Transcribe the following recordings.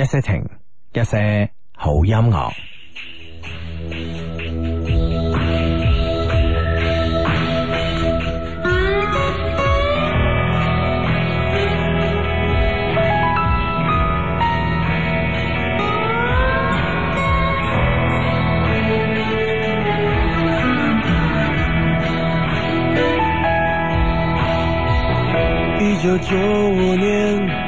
一些情，一些好音樂。一九九五年。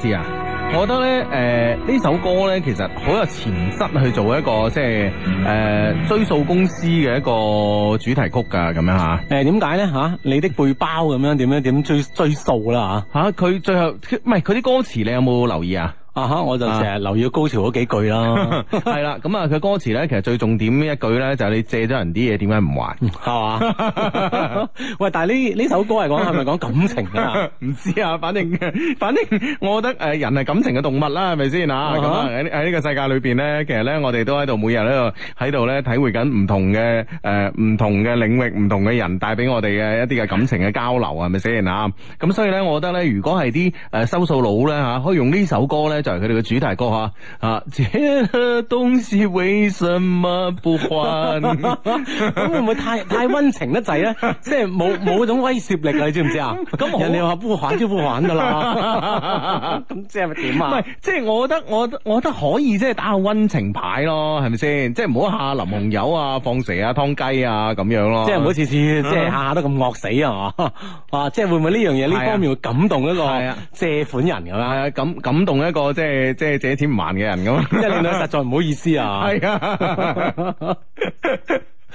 知啊，我覺得咧，誒、呃、呢首歌咧，其實好有潛質去做一個即係誒追數公司嘅一個主題曲噶，咁樣吓。誒、呃，點解咧吓？你的背包咁樣，點樣點追追數啦吓？吓、啊，佢最後唔係佢啲歌詞，你有冇留意啊？啊哈！我就成日留意高潮嗰幾句啦，係啦，咁啊佢歌詞咧，其實最重點一句咧就係你借咗人啲嘢，點解唔還？係嘛？喂！但係呢呢首歌嚟講，係咪講感情啊？唔知啊，反正反正我覺得誒，人係感情嘅動物啦，係咪先啊？喺喺呢個世界裏邊咧，其實咧我哋都喺度每日咧喺度咧體會緊唔同嘅誒唔同嘅領域，唔同嘅人帶俾我哋嘅一啲嘅感情嘅交流，係咪先啊？咁所以咧，我覺得咧，如果係啲誒收數佬咧吓，可以用呢首歌咧。佢哋嘅主題歌啊，啊，這東西為什麼不還？咁會唔會太太溫情得滯啊？即係冇冇種威懾力啊？你知唔知啊？咁人哋話不還即係不還噶啦？咁即係咪點啊？即係我覺得，我我覺得可以，即係打下溫情牌咯，係咪先？即係唔好下下淋紅油啊、放蛇啊、湯雞啊咁樣咯。即係唔好次次即係下得咁惡死啊嘛？哇！即係會唔會呢樣嘢呢方面會感動一個借款人咁樣感感動一個？即係即係借錢唔還嘅人咁，即係 你兩實在唔好意思啊！係啊。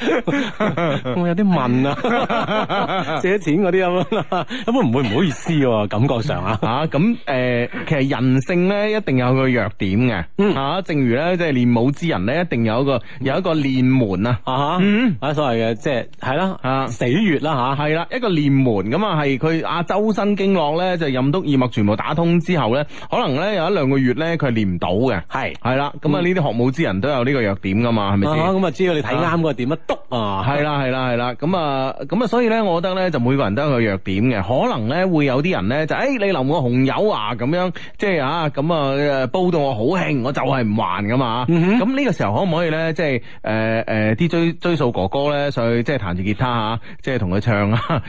我 有啲問啊， 借錢嗰啲咁，一般唔會唔好意思喎、啊，感覺上啊，啊咁誒，其實人性咧一定有個弱點嘅，吓，正如咧即係練武之人咧，一定有一個、嗯就是、一有一個練門啊，哈、嗯、啊，吓，啊所謂嘅即係係啦啊，死穴啦吓，係啦一個練門咁啊，係佢啊周身經絡咧就是、任督二脈全部打通之後咧，可能咧有一兩個月咧佢係練唔到嘅，係係啦，咁啊呢啲學武之人都有呢個弱點噶嘛，係咪先？咁啊，只要你睇啱嗰個點一。啊啊啊啊啊啊啊篤啊，係啦係啦係啦，咁啊咁啊，所以咧，我覺得咧，就每個人都有弱點嘅，可能咧會有啲人咧就誒，你淋我紅油啊，咁樣即係啊，咁啊煲到我好興，我就係唔還噶嘛。咁呢個時候可唔可以咧，即係誒誒，啲追追數哥哥咧，上去即係彈住吉他啊，即係同佢唱啊。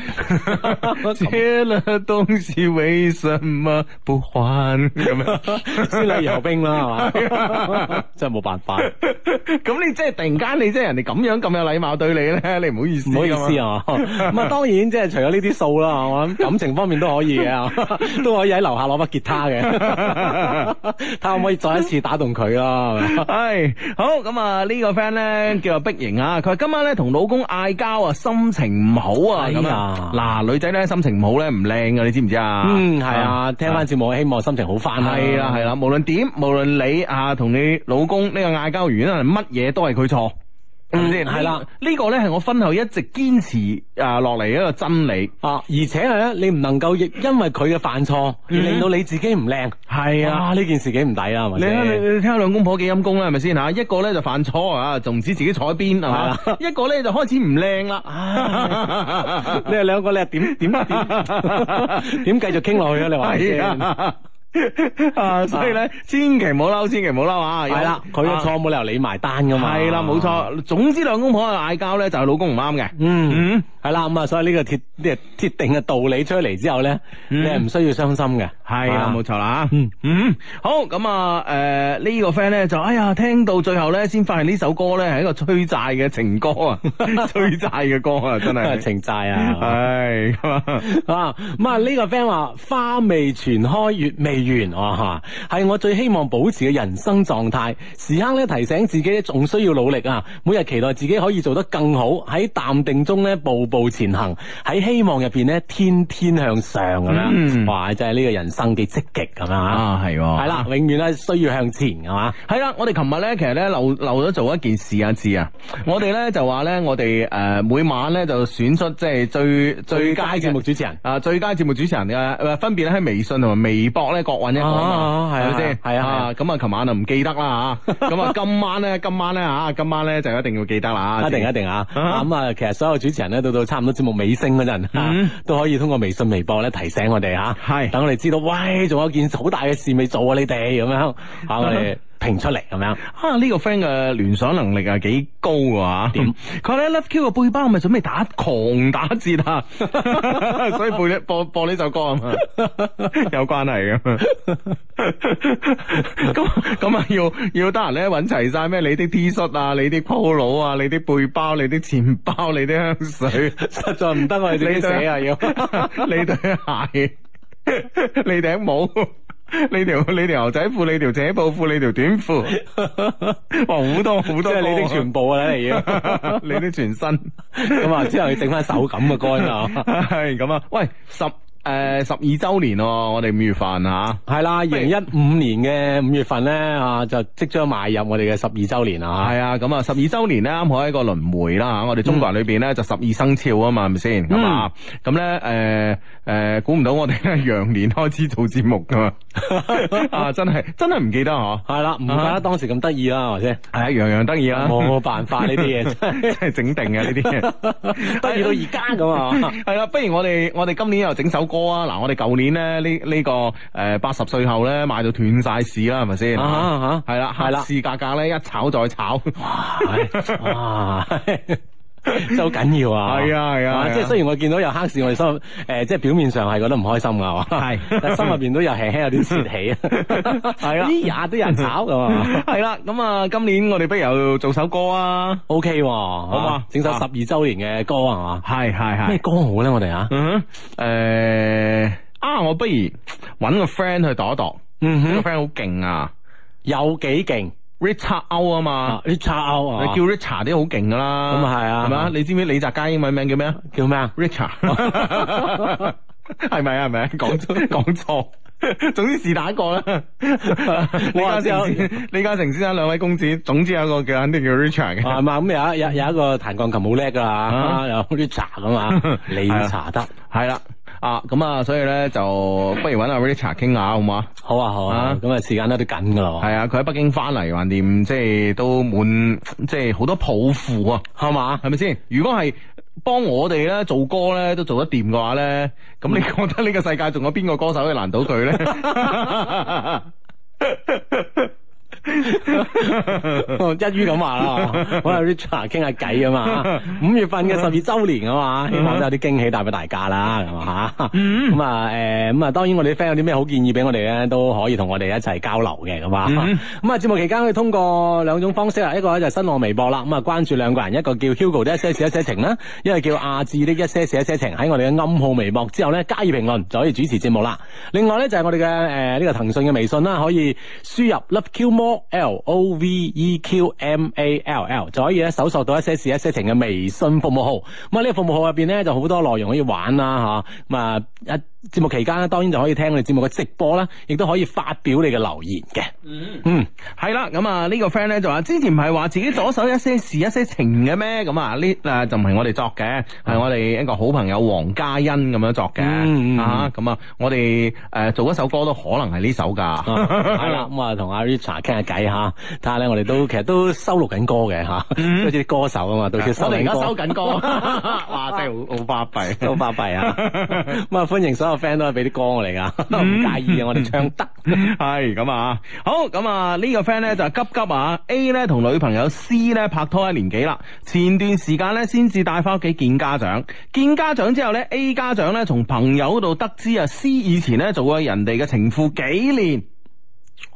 我知啦當時為什麼不還？咁樣先禮後兵啦，係嘛？真係冇辦法。咁你即係突然間，你即係人哋咁樣咁樣。禮貌對你咧，你唔好意思，唔好意思啊！咁啊，當然即係除咗呢啲數啦，我諗，感情方面都可以嘅，都可以喺樓下攞把吉他嘅，睇下可唔可以再一次打動佢咯。係好咁啊！呢個 friend 咧叫做碧瑩啊，佢話今晚咧同老公嗌交啊，心情唔好啊咁啊。嗱，女仔咧心情唔好咧唔靚嘅，你知唔知啊？嗯，係啊，聽翻節目希望心情好翻啦。係啦，係啦，無論點，無論你啊同你老公呢個嗌交原因係乜嘢，都係佢錯。係啦，呢個呢，係我婚後一直堅持誒落嚟一個真理啊，而且咧你唔能夠亦因為佢嘅犯錯，嗯、令到你自己唔靚。係啊，呢、啊、件事幾唔抵啊？或者你你聽下兩公婆幾陰功啦，係咪先吓？一個呢就犯錯啊，就唔知自己坐喺邊係嘛？一個呢就開始唔靚啦。你哋兩個你係點點點點繼續傾落去啊？你話？啊，所以咧，千祈唔好嬲，千祈唔好嬲啊！係啦，佢嘅錯冇理由你埋單噶嘛？係啦，冇錯。總之兩公婆又嗌交咧，就係老公唔啱嘅。嗯，係啦，咁啊，所以呢個鐵即係鐵定嘅道理出嚟之後咧，你係唔需要傷心嘅。係啦，冇錯啦。吓，嗯，好。咁啊，誒，呢個 friend 咧就，哎呀，聽到最後咧，先發現呢首歌咧係一個催債嘅情歌啊，催債嘅歌啊，真係情債啊，係啊。啊，咁啊，呢個 friend 話花未全開月未。完啊吓，係我最希望保持嘅人生狀態，時刻咧提醒自己仲需要努力啊！每日期待自己可以做得更好，喺淡定中咧步步前行，喺希望入邊咧天天向上咁樣，哇，嗯啊！就係、是，呢個人生嘅積極咁樣啊，係係啦，永遠咧需要向前，係、啊、嘛。係啦、啊，我哋琴日咧，其實咧漏漏咗做一件事啊，字啊，我哋咧就話咧，我哋誒每晚咧就選出即係、就是、最最佳節目主持人啊，最佳節目主持人嘅，分別喺微信同埋微博咧學運一個嘛，係咪先？係 啊，咁、嗯就是、 啊，琴、嗯嗯啊啊、晚就唔記得啦嚇。咁啊，今晚咧， 今晚咧嚇，今晚咧就一定要記得啦。啊、一定一定啊！咁啊、uh，huh. 其實所有主持人咧，到到差唔多，多節目尾聲嗰陣、uh huh. 啊、都可以通過微信微博咧提醒我哋嚇，係、啊、等 Is. 我哋知道，喂，仲有件好大嘅事未做啊！你哋咁樣嚇我哋。Uh huh. uh. 評出嚟咁樣啊！呢個 friend 嘅聯想能力啊幾高啊吓，佢咧 LoveQ 嘅背包咪準備打狂打折啊，所以背咧播播呢首歌啊嘛，有關係咁。咁咁啊要要得閒咧揾齊晒咩？你啲 t 恤啊，你啲 polo 啊，你啲背包，你啲錢包，你啲香水，實在唔得我哋自己寫啊要，你對鞋，你頂帽。.你條你條牛仔褲，你條斜布褲，你條短褲，哇，好多好多，你啲全部啊，你啊，你 你啲全身，咁啊 之後要整翻手感嘅乾啊，係咁啊，喂，十。誒，十二，呃、周年哦，啊，我哋五月份啊，係啦，啊，二零一五年嘅五月份咧，啊，就即將邁入我哋嘅十二周年啊，係啊，嗯，咁，嗯，啊，十二周年咧啱好喺個輪回啦，我哋中國人裏邊咧就十二生肖啊嘛，係咪先？咁，嗯，啊，咁咧誒誒，估，嗯，唔到我哋喺羊年開始做節目噶，啊，真係真係唔記得嗬，係啦，唔怪得當時咁得意啦，係咪先？係樣樣得意啊，冇辦法呢啲嘢真係整定嘅呢啲嘢，得意到而家咁啊，係啦，不如我哋我哋今年又整首歌。啊！嗱、啊，我哋舊年咧呢呢個誒八十歲後咧賣到斷晒市啦，係咪先？係啦係啦，市價格咧一炒再炒。 真係好緊要啊！係啊係啊！即係雖然我見到有黑市，我哋心誒即係表面上係覺得唔開心噶係嘛，的但係心入邊都有輕輕有啲泄氣啊！係 啊，日日都有人炒咁啊！係啦，咁啊今年我哋不如又做首歌 OK，啊！OK，好嘛吧，整首十二周年嘅歌啊嘛！係係係，咩歌好咧？我哋啊，誒、uh huh, 呃、啊，我不如搵個 friend 去度一度、mm hmm，啊，嗯哼，個 friend 好勁啊，有幾勁？Richard O 啊嘛，Richard O 啊，你叫 Richard 啲好勁噶啦，咁啊係啊，係嘛？你知唔知李澤楷英文名叫咩？叫咩？Richard 係咪啊？係咪？講錯講錯，總之是但一個啦。李嘉誠，李嘉誠先生兩位公子，總之有一個叫肯定叫 Richard 嘅。啊嘛，咁有有有一個彈鋼琴好叻噶啦，又 Richard 咁啊嘛，李查得係啦。啊，咁啊，所以咧就不如搵阿 Richard 傾下好唔好啊？好啊，好啊，咁啊，時間都對緊噶啦。係、就是、啊，佢喺北京翻嚟，橫掂吧，即係都滿，即係好多抱負啊，係嘛，係咪先？如果係幫我哋咧做歌咧都做得掂嘅話咧，咁你覺得呢個世界仲有邊個歌手可以難到佢咧？ 一於咁話咯，我同 Richard 傾下偈啊嘛，五月份嘅十二周年啊嘛，希望都有啲驚喜帶俾大家啦，係嘛吓，咁啊誒，咁啊當然我哋 friend 有啲咩好建議俾我哋咧，都可以同我哋一齊交流嘅，咁啊，咁啊節目期間可以通過兩種方式啊，一個咧就新浪微博啦，咁啊關注兩個人，一個叫 Hugo 的一些事一些情啦，一個叫亞智的一些事一些情，喺我哋嘅暗號微博之後咧，加以評論就可以主持節目啦。另外咧就係我哋嘅誒呢個騰訊嘅微信啦，可以輸入 Love Q More。L O V E Q M A L L，就可以咧搜索到一些事一些情嘅微信服務號，咁啊呢個服務號入邊咧就好多內容可以玩啦吓，咁啊一、啊、節目期間咧當然就可以聽我哋節目嘅直播啦，亦都可以發表你嘅留言嘅。嗯，嗯係啦，咁、這、啊、個、呢個 friend 咧就話之前唔係話自己左手一些事一些情嘅咩？咁啊呢，r 就唔係我哋作嘅，係、嗯、我哋一個好朋友黃嘉欣咁樣作嘅、嗯、啊、咁、嗯、啊我哋誒、呃、做一首歌都可能係呢首噶，係啦，咁啊同阿 Richard 傾。 計吓，睇下咧，我哋都其實都收錄緊歌嘅吓，好似啲歌手啊嘛，到處收緊歌。我哋而家收緊歌， 哇，真係好巴閉，好巴閉啊！咁啊 嗯、歡迎所有 friend 都係俾啲歌我嚟噶，唔介意嘅，我哋唱得係咁、嗯、 啊！好咁啊，這個、呢個 friend 咧就是、急急啊！A 咧同女朋友 C 咧拍拖一年幾啦，前段時間咧先至帶翻屋企見家長，見家長之後咧 A 家長咧從朋友度得知啊，C 以前咧做過人哋嘅情婦幾年。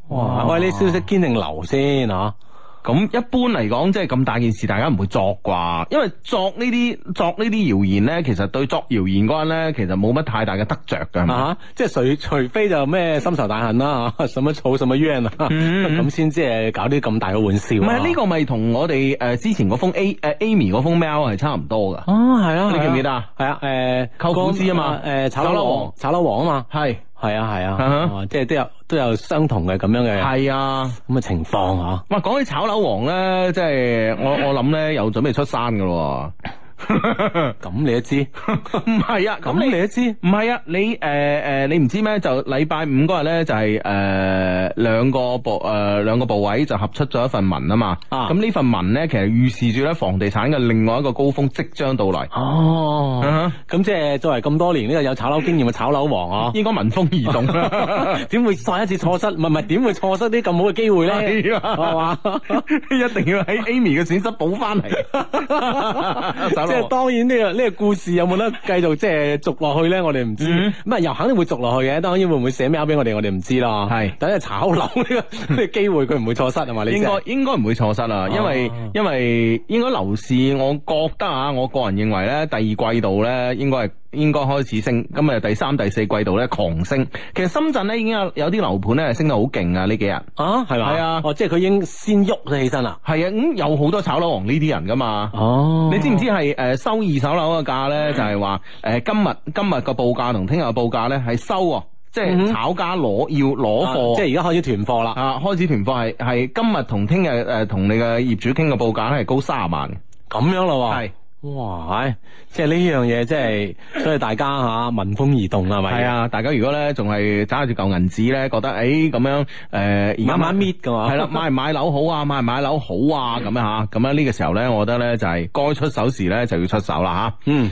哇！喂，呢消息堅定流先吓，咁一般嚟講，即係咁大件事，大家唔會作啩？因為作，作謠言呢啲作呢啲謠言咧，其實對作謠言嗰陣咧，其實冇乜太大嘅得着㗎，吓、啊，即係除除非就咩深仇大恨啦，吓，什麼醋什麼冤啊，咁先即係搞啲咁大嘅玩笑、啊。唔係呢個咪同我哋誒、呃、之前嗰封 A 誒、呃、Amy 嗰封 mail 係差唔多噶。哦，係啊，啊啊啊你記唔記得啊？係、呃、啊，誒，扣工資啊嘛，誒、呃呃，炒樓王，王，炒樓王啊嘛，係。係啊係啊， 嗯嗯嗯、即係都有都有相同嘅咁樣嘅係、嗯、啊，咁嘅情況吓。哇，講起炒樓王咧，即係我我諗咧有準備出山噶咯。咁 你一知唔係 啊？咁你一知唔係啊？你誒誒、呃，你唔知咩？就禮拜五嗰日咧，就係、是、誒、呃、兩個部誒、呃、兩個部委就合出咗一份文啊嘛。咁呢、啊、份文咧，其實預示住咧房地產嘅另外一個高峰即將到來。哦，咁即係作為咁多年呢、這個有炒樓經驗嘅炒樓王啊，應該聞風而動。點 會再一次錯失？唔係唔係？點會錯失啲咁好嘅機會咧？係嘛、啊？ 一定要喺 Amy 嘅損失補翻嚟。 即係當然呢、這個呢、這個故事有冇得繼續即係續落去咧？我哋唔知，咁啊、mm hmm. 又肯定會續落去嘅。當然會唔會寫咩俾我哋，我哋唔知咯。係是，等於炒樓呢 個機會，會，佢唔會錯失啊嘛？應該應該唔會錯失啊！因為、啊、因為應該樓市，我覺得啊，我個人認為咧，第二季度咧，應該係。應該開始升，咁啊，第三第四季度咧狂升。其實深圳咧已經有有啲樓盤咧升得好勁啊！呢幾日啊，係嘛，係啊哦，即係佢已經先喐咗起身啦。係啊，咁有好多炒樓王呢啲人噶嘛。哦，你知唔知係誒、呃、收二手樓嘅、嗯呃、價咧？就係話誒今日今日個報價同聽日嘅報價咧係收啊，即係炒家攞要攞貨，即係而家開始囤貨啦。啊，開始囤貨係係今日同聽日誒同你嘅業主傾嘅報價係高卅萬嘅。咁樣啦，係。哇，即係呢樣嘢，即係，所以大家吓聞、啊、風而動啦，係咪？係啊，大家如果咧仲係揸住嚿銀紙咧，覺得誒咁、欸、樣誒，呃、慢慢搣噶嘛，係 啦、啊，買唔買樓好啊，買唔買樓好啊，咁樣吓，咁樣呢個時候咧，我覺得咧就係、是、該出手時咧就要出手啦吓。啊、嗯。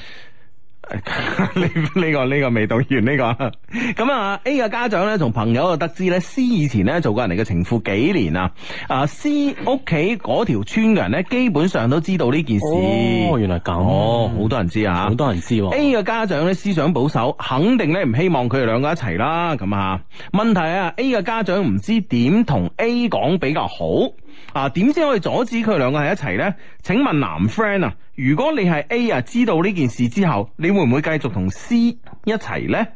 呢呢、 這個呢、這個這個未讀完呢個咁啊 A 嘅家長呢，同朋友就得知呢 C 以前呢做過人哋嘅情婦幾年啊。啊 C 屋企嗰條村嘅人呢，基本上都知道呢件事。哦，原來咁、哦、好多人知啊，好多人知喎。A 嘅家長呢，思想保守，肯定呢唔希望佢哋兩個一齊啦。咁啊，問題啊 A 嘅家長唔知點同 A 講比較好。啊，點先可以阻止佢兩個喺一齊呢？請問男 friend 啊，如果你係 A 啊，知道呢件事之後，你會唔會繼續同 C 一齊呢？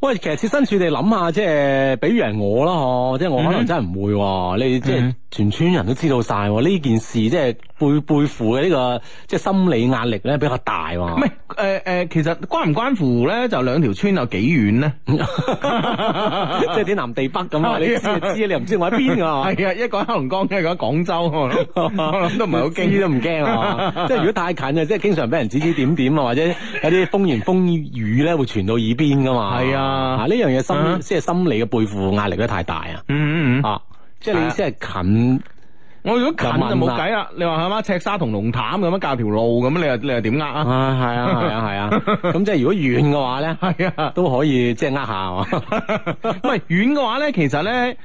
喂，其實設身處地諗下，即係比如係我啦，嗬、嗯哼，即係我可能真係唔會喎，你,、嗯、哼你即係。嗯全村人都知道曬呢件事，即係背背負嘅呢個即係心理壓力咧比較大喎。唔係誒誒，其實關唔關乎咧？就兩條村有幾遠咧？即係天南地北咁啊！你知就知啊？你又唔知我喺邊㗎？係啊，一講黑龍江，一講廣州，我諗都唔係好驚，都唔驚啊！即係如果太近啊，即係經常俾人指指點點，或者有啲風言風語咧，會傳到耳邊㗎嘛。係啊，啊呢樣嘢心即係心理嘅背負壓力咧太大啊！嗯嗯啊～即係你意思係近？我如果近就冇計啦！你話係嘛？赤沙同龍潭咁樣架條路咁啊？你又你又點呃啊？啊係啊係啊係啊！咁即係如果遠嘅話咧，係啊都可以即係呃下，唔係遠嘅話咧，其實咧誒，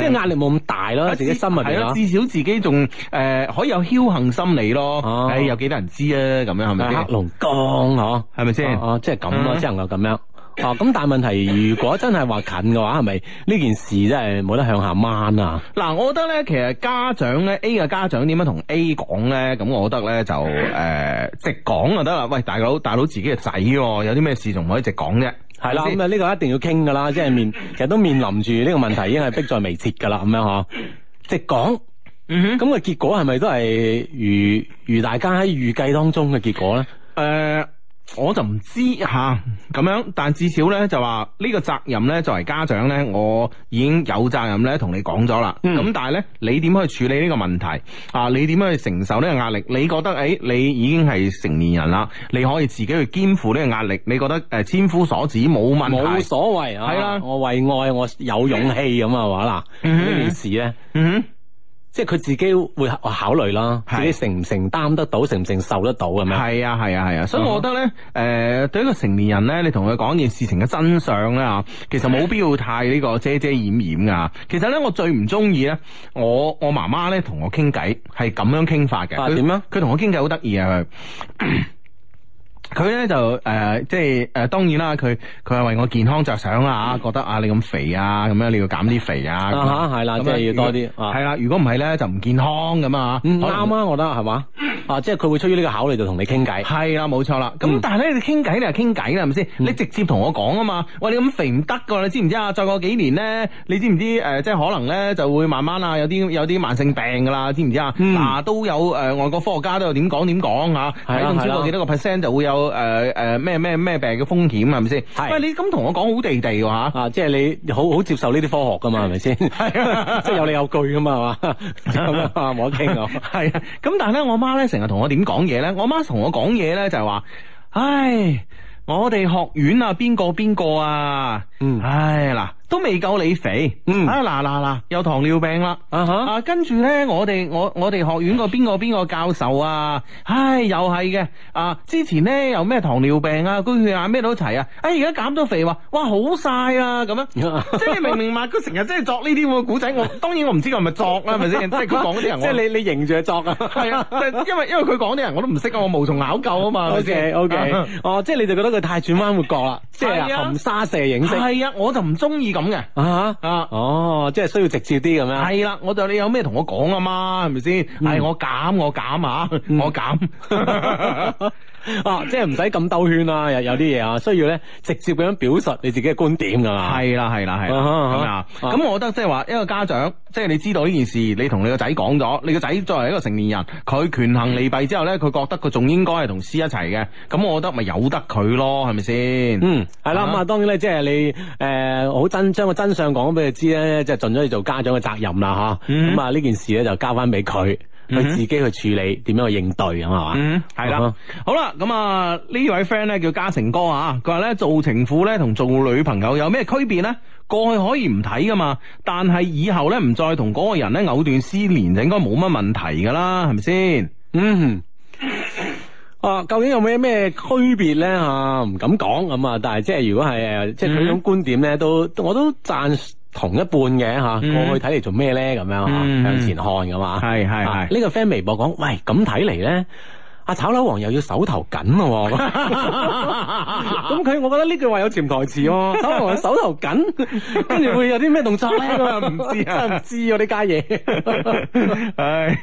即係壓力冇咁大咯，自己心啊，係咯，至少自己仲誒可以有僥幸心理咯。誒，有幾多人知啊？咁樣係咪？黑龍江嗬，係咪先？哦，即係咁咯，即係能夠咁樣。哦，咁但係問題，如果真係話近嘅話，係咪呢件事真係冇得向下掹啊？嗱，我覺得咧，其實家長咧 A 嘅家長點樣同 A 講咧，咁我覺得咧就誒、呃、直講就得啦。喂，大佬，大佬自己嘅仔、哦，有啲咩事仲唔可以直講啫？係啦、啊，咁啊呢個一定要傾噶啦，即係面其實都面臨住呢個問題，已經係迫在眉睫噶啦，咁樣嗬？直講，嗯、哼，咁個結果係咪都係如如大家喺預計當中嘅結果咧？誒、呃。我就唔知吓咁、啊、樣，但至少呢，就話呢個責任咧作為家長呢，我已經有責任咧同你講咗啦。咁、嗯、但係呢，你點去處理呢個問題啊？你點樣去承受呢個壓力？你覺得誒、欸，你已經係成年人啦，你可以自己去肩負呢個壓力。你覺得誒，千夫所指冇問題，冇所謂係啦。啊啊、我為愛，我有勇氣咁啊，嗯、話啦呢、嗯、哼件事咧。嗯哼即係佢自己會考慮啦，自己承唔承擔得到，承唔的承受得到咁樣。係啊係啊係啊，嗯、所以我覺得呢，誒、呃，對一個成年人呢，你同佢講件事情嘅真相呢，其實冇必要太呢個遮遮掩掩噶。其實呢，我最唔中意呢，我我媽媽呢同我傾偈係咁樣傾法嘅。點樣？佢同我傾偈好得意啊！佢。 佢咧就誒，即係誒，當然啦，佢佢係為我健康着想啦嚇，覺得啊你咁肥啊，咁樣你要減啲肥啊。啊嚇，係啦，即係要多啲。係啦，如果唔係咧就唔健康咁啊啱啊，我覺得係嘛。啊，即係佢會出於呢個考慮就同你傾偈。係啦，冇錯啦。咁但係咧，你傾偈你係傾偈啦，係咪先？你直接同我講啊嘛。喂，你咁肥唔得噶，你知唔知啊？再過幾年咧，你知唔知誒？即係可能咧就會慢慢啊，有啲有啲慢性病噶啦，知唔知啊？嗱都有誒，外國科學家都有點講點講啊，係啊，係啊。超過幾多個 percent 就會有。誒誒咩咩咩病嘅風險係咪先？係係係喂，你咁同我講好地地嘅啊，啊，即係你好好接受呢啲科學噶嘛，係咪先？係 即係有理有據噶嘛，係嘛，冇得傾咁。係啊，咁 但係咧，我媽咧成日同我點講嘢咧？我媽同我講嘢咧就係、係、話，唉，我哋學院啊，邊個邊個啊？嗯，唉嗱。都未夠你肥，啊，嗱嗱嗱有糖尿病啦，啊跟住咧我哋我我哋學院個邊個邊個教授啊，唉又係嘅，啊之前咧有咩糖尿病啊高血壓咩都齊啊，唉，而家減咗肥話，哇好晒啊咁樣，即係你明明白佢成日即係作呢啲咁古仔，我當然我唔知佢係咪作啊，咪先即係佢講啲人，即係你你認住係作啊，係啊，因為因為佢講啲人我都唔識啊，我無從考究啊嘛，ok ok，哦即係你就覺得佢太轉彎抹角啦，即係含沙射影，係啊，我就唔中意咁嘅啊啊哦，即係需要直接啲咁樣。係啦，我就你有咩同我講啊嘛，係咪先？係我減我減啊，嗯、我減減。 SM uch Robinson 什麼啊，即係唔使咁兜圈啦，有有啲嘢啊，需要咧直接咁樣表述你自己嘅觀點噶啦。係啦係啦係。咁、啊啊啊、我覺得即係話一個家長，即、就、係、是、你知道呢件事，你同你個仔講咗，你個仔作為一個成年人，佢權衡利弊之後呢，佢覺得佢仲應該係同 C 一齊嘅，咁我覺得咪由得佢咯，係咪先？嗯，係啦，咁啊，當然呢，即係你誒，好真將個真相講俾佢知呢，即係盡咗你做家長嘅責任啦吓。咁啊、嗯，呢件事呢，就交翻俾佢。佢自己去處理，點樣去應對咁係嘛？係啦，好啦，咁啊呢位 friend 咧叫嘉誠哥啊，佢話咧做情婦咧同做女朋友有咩區別呢？過去可以唔睇噶嘛，但係以後咧唔再同嗰個人咧藕斷絲連就應該冇乜問題噶啦，係咪先？嗯， 啊，究竟有咩咩區別咧？啊，唔敢講咁啊，但係即係如果係誒，嗯、即係佢種觀點咧，都我都讚。同一半嘅吓，嗯、過去睇嚟做咩咧咁樣吓向前看嘅嘛，係係係呢個 fan 微博講：喂，咁睇嚟咧。啊、炒樓王又要手頭緊喎、啊，咁 佢我覺得呢句話有潛台詞喎、啊， 炒樓王手頭緊，跟 住會有啲咩動作咧？我唔知，真唔知啊，呢家嘢。唉，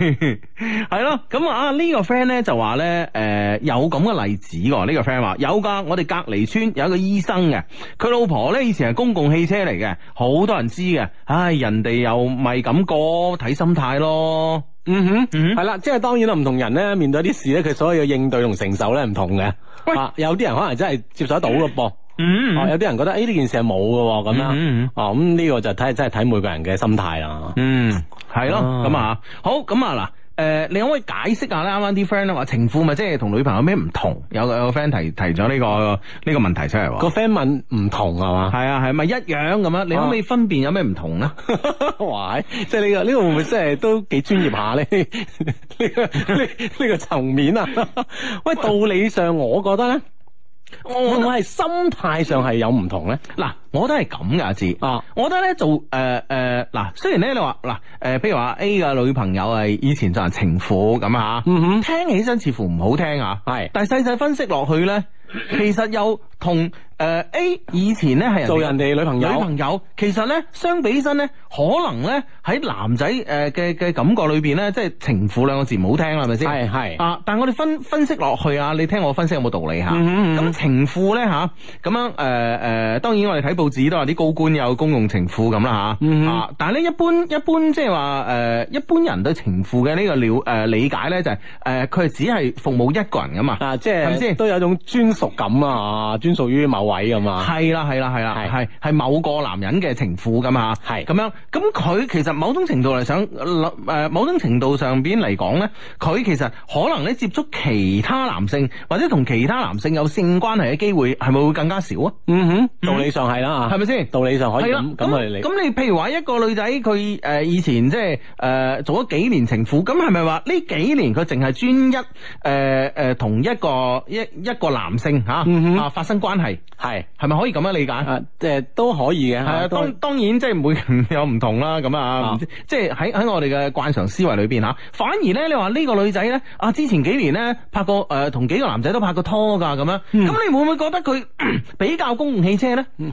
係咯，咁啊，個呢個 friend 咧就話咧，誒、呃，有咁嘅例子喎、啊，呢、呢個 friend 話有噶，我哋隔籬村有一個醫生嘅，佢老婆咧以前係公共汽車嚟嘅，好多人知嘅，唉，人哋又咪咁過，睇心態咯。嗯哼，係啦，即係當然啦，唔同人咧，面對啲事咧，佢所有嘅應對同承受咧唔同嘅，吓有啲人可能真係接受得到嘅噃，哦，有啲人覺得誒呢件事係冇嘅，咁樣，哦咁呢個就睇真係睇每個人嘅心態啦，嗯，係咯，咁啊，好，咁啊嗱。誒，uh, 你可唔可以解釋下咧？啱啱啲 friend 啊？話情婦咪即係同女朋友咩唔同？有個有、個 friend 提提咗呢個呢個問題出嚟話。個 friend 問唔同係嘛？係啊係咪一樣咁樣？你可唔可以分辨有咩唔同啊？ 」哇！即係、呢、呢個呢、呢個會唔會即係都幾專業下咧？呢、 呢個呢 個層面啊！ 喂，道理上我覺得咧。.我我係心態上係有唔同咧，嗱，我覺得係咁噶阿智，啊，我，啊我覺得咧做誒誒，嗱、呃呃，雖然咧你話嗱，誒、呃，譬如話 A 嘅女朋友係以前就係情婦咁啊吓，嗯哼，聽起身似乎唔好聽啊，係，但係細細分析落去咧， 其實有同。誒，A 以前咧係做人哋女朋友，女朋友其實咧相比起身咧，可能咧喺男仔誒嘅嘅感覺裏邊咧，即係情婦兩個字唔好聽啦，係咪先？係係啊，但係我哋分分析落去啊，你聽我分析有冇道理吓？咁情婦咧吓，咁樣誒誒，當然我哋睇報紙都話啲高官有公共情婦咁啦吓，啊，但係咧一般一般即係話誒，一般人對情婦嘅呢個了誒理解咧就係誒，佢係只係服務一個人噶嘛，啊，即係係咪先？都有種專屬感啊，專屬於某。位咁啊，係啦係啦係啦，係係某個男人嘅情婦咁啊，係咁樣，咁佢其實某種程度嚟想，誒某種程度上邊嚟講咧，佢其實可能咧接觸其他男性或者同其他男性有性關係嘅機會係咪會更加少啊？嗯哼，嗯，道理上係啦，係咪先？吧道理上可以咁咁咁你譬如話一個女仔，佢誒以前即係誒做咗幾年情婦，咁係咪話呢幾年佢淨係專一誒誒同一個一一個男性吓啊，、嗯、哼啊發生關係？係，係咪可以咁樣理解？誒、啊，都可以嘅。係啊，當當然即係每人有唔同啦，咁啊，即係喺喺我哋嘅慣常思維裏邊吓，反而咧，你話呢個女仔咧，啊，之前幾年咧拍過誒，同、呃、幾個男仔都拍過拖噶，咁樣，咁、嗯、你會唔會覺得佢比較公共汽車咧？唔係、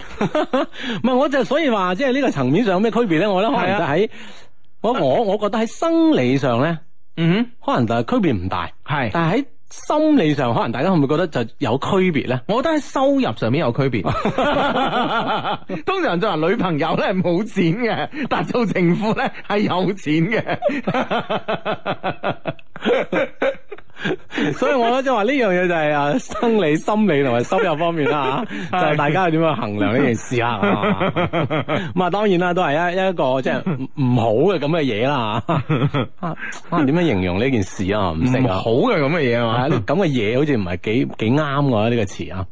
嗯， 我就所以話，即係呢個層面上有咩區別咧？我覺得可能就喺我我我覺得喺生理上咧，嗯，可能就係區別唔大。係的，但係喺。心理上可能大家會唔會覺得就有區別咧？我覺得喺收入上面有區別。通常就話女朋友咧係冇錢嘅，但做情婦咧係有錢嘅。 所以我咧即係話呢樣嘢就係啊生理、心理同埋收入方面啦吓， 就係大家點樣衡量呢件事啊？嘛， 當然啦，都係一一個即係唔好嘅咁嘅嘢啦吓。啊，點樣形容呢件事啊？唔成好嘅咁嘅嘢啊，咁嘅嘢好似唔係幾幾啱我啊呢個詞啊。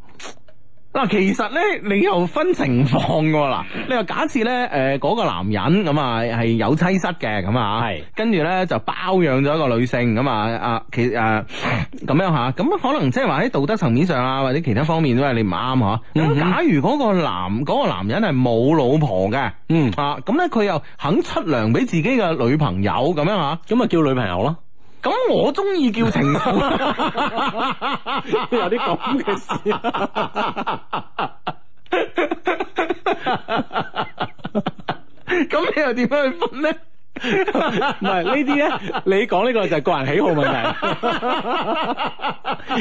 嗱，其實咧，你又分情況噶啦。你話假設咧，誒、呃，嗰、那個男人咁啊係有妻室嘅，咁啊，係是跟住咧就包養咗一個女性咁啊，其啊其誒咁樣吓、啊，咁、啊、可能即係話喺道德層面上啊，或者其他方面都係你唔啱吓。咁、嗯嗯、假如嗰個男嗰、那個男人係冇老婆嘅，嗯啊，咁咧佢又肯出糧俾自己嘅女朋友咁樣吓、啊，咁啊叫女朋友咯。咁、嗯、我中意叫情婦分，有啲咁嘅事，咁你又點樣去分咧？唔係 呢啲咧，你講呢個就係個人喜好問題。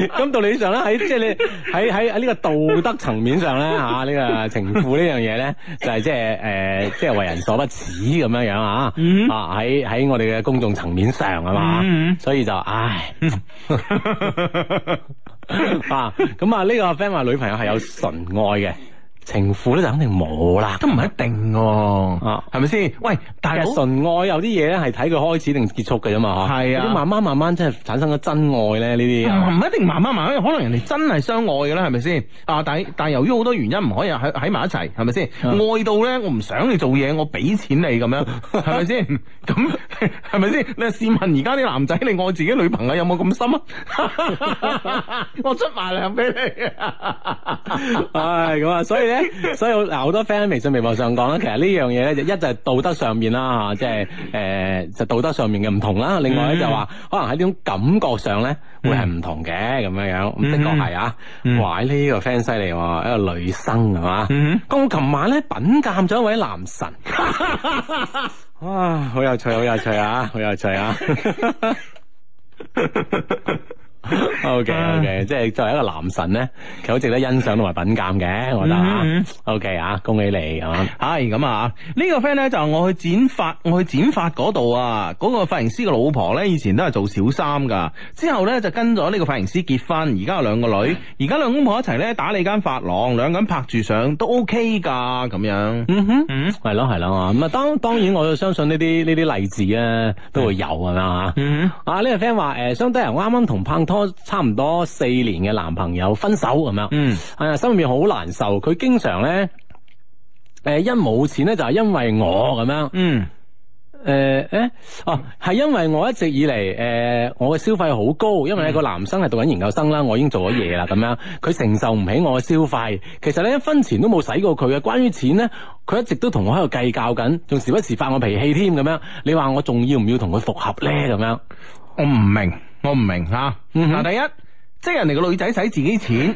咁 道理上咧，喺即係你喺喺喺呢個道德層面上咧，吓、啊、呢、這個情婦呢樣嘢咧，就係即係誒，即、呃、係、就是、為人所不齒咁樣樣、mm hmm. 啊。啊喺喺我哋嘅公眾層面上啊嘛，mm hmm. 所以就唉 啊咁啊呢個 friend 話女朋友係有純愛嘅。情婦咧就肯定冇啦，都唔一定喎，係咪先？喂，好但係純愛有啲嘢咧係睇佢開始定結束嘅啫嘛，係 對啊，你慢慢慢慢即係產生咗真愛咧呢啲，唔、啊、一定慢慢慢慢可能人哋真係相愛嘅啦，係咪先？啊，但係但係由於好多原因唔可以喺喺埋一齊，係咪先？啊、愛到咧我唔想你做嘢，我俾錢你咁樣，係咪先？咁係咪先？你試問而家啲男仔你愛自己女朋友有冇咁深啊？ 我出埋糧俾你、 哎呃，唉，咁啊，所以。 所以嗱好多 friend 喺微信、微博上講咧，其實呢樣嘢咧就一就係道德上面啦，吓即係誒就道德上面嘅唔同啦。另外咧就話可能喺呢種感覺上咧會係唔同嘅咁樣樣。咁的確係啊。Mm hmm. 哇！呢、這個 friend 犀利喎，一個女生係嘛。咁、啊、琴、mm hmm. 晚咧品鑑咗一位男神。 哇！好有趣，好有趣啊，好有趣啊！ O K O K，即係、啊、作為一個男神咧，其實好值得欣賞同埋品鑒嘅，我覺得吓。O K 啊，okay, 恭喜你、嗯、 啊！唉，咁啊，呢個 friend 咧就我去剪髮，我去剪髮嗰度啊，嗰、嗰個髮型師嘅老婆咧以前都係做小三噶，之後咧就跟咗呢個髮型師結婚，而家有兩個女，而家兩公婆一齊咧打理間髮廊，兩個人拍住相都 O K 噶咁樣。嗯哼，嗯，係咯係咯啊！咁、這、啊、個，當當然，我相信呢啲呢啲例子咧都會有係嘛。嗯啊呢個 friend 話誒，雙低人啱啱同差唔多四年嘅男朋友分手咁樣，嗯，係啊，心入面好難受。佢經常呢，誒、呃，一冇錢呢，就係因為我咁樣，嗯，誒、呃，誒、啊，哦，係因為我一直以嚟，誒、呃，我嘅消費好高，因為呢個男生係讀緊研究生啦，我已經做咗嘢啦，咁樣，佢承受唔起我嘅消費。其實呢，一分錢都冇使過佢嘅。關於錢呢，佢一直都同我喺度計較緊，仲時不時發我脾氣添，咁樣。你話我仲要唔要同佢復合呢？咁樣，我唔明。我唔明嚇，嗱、啊嗯、哼第一，即係人哋個女仔使自己錢，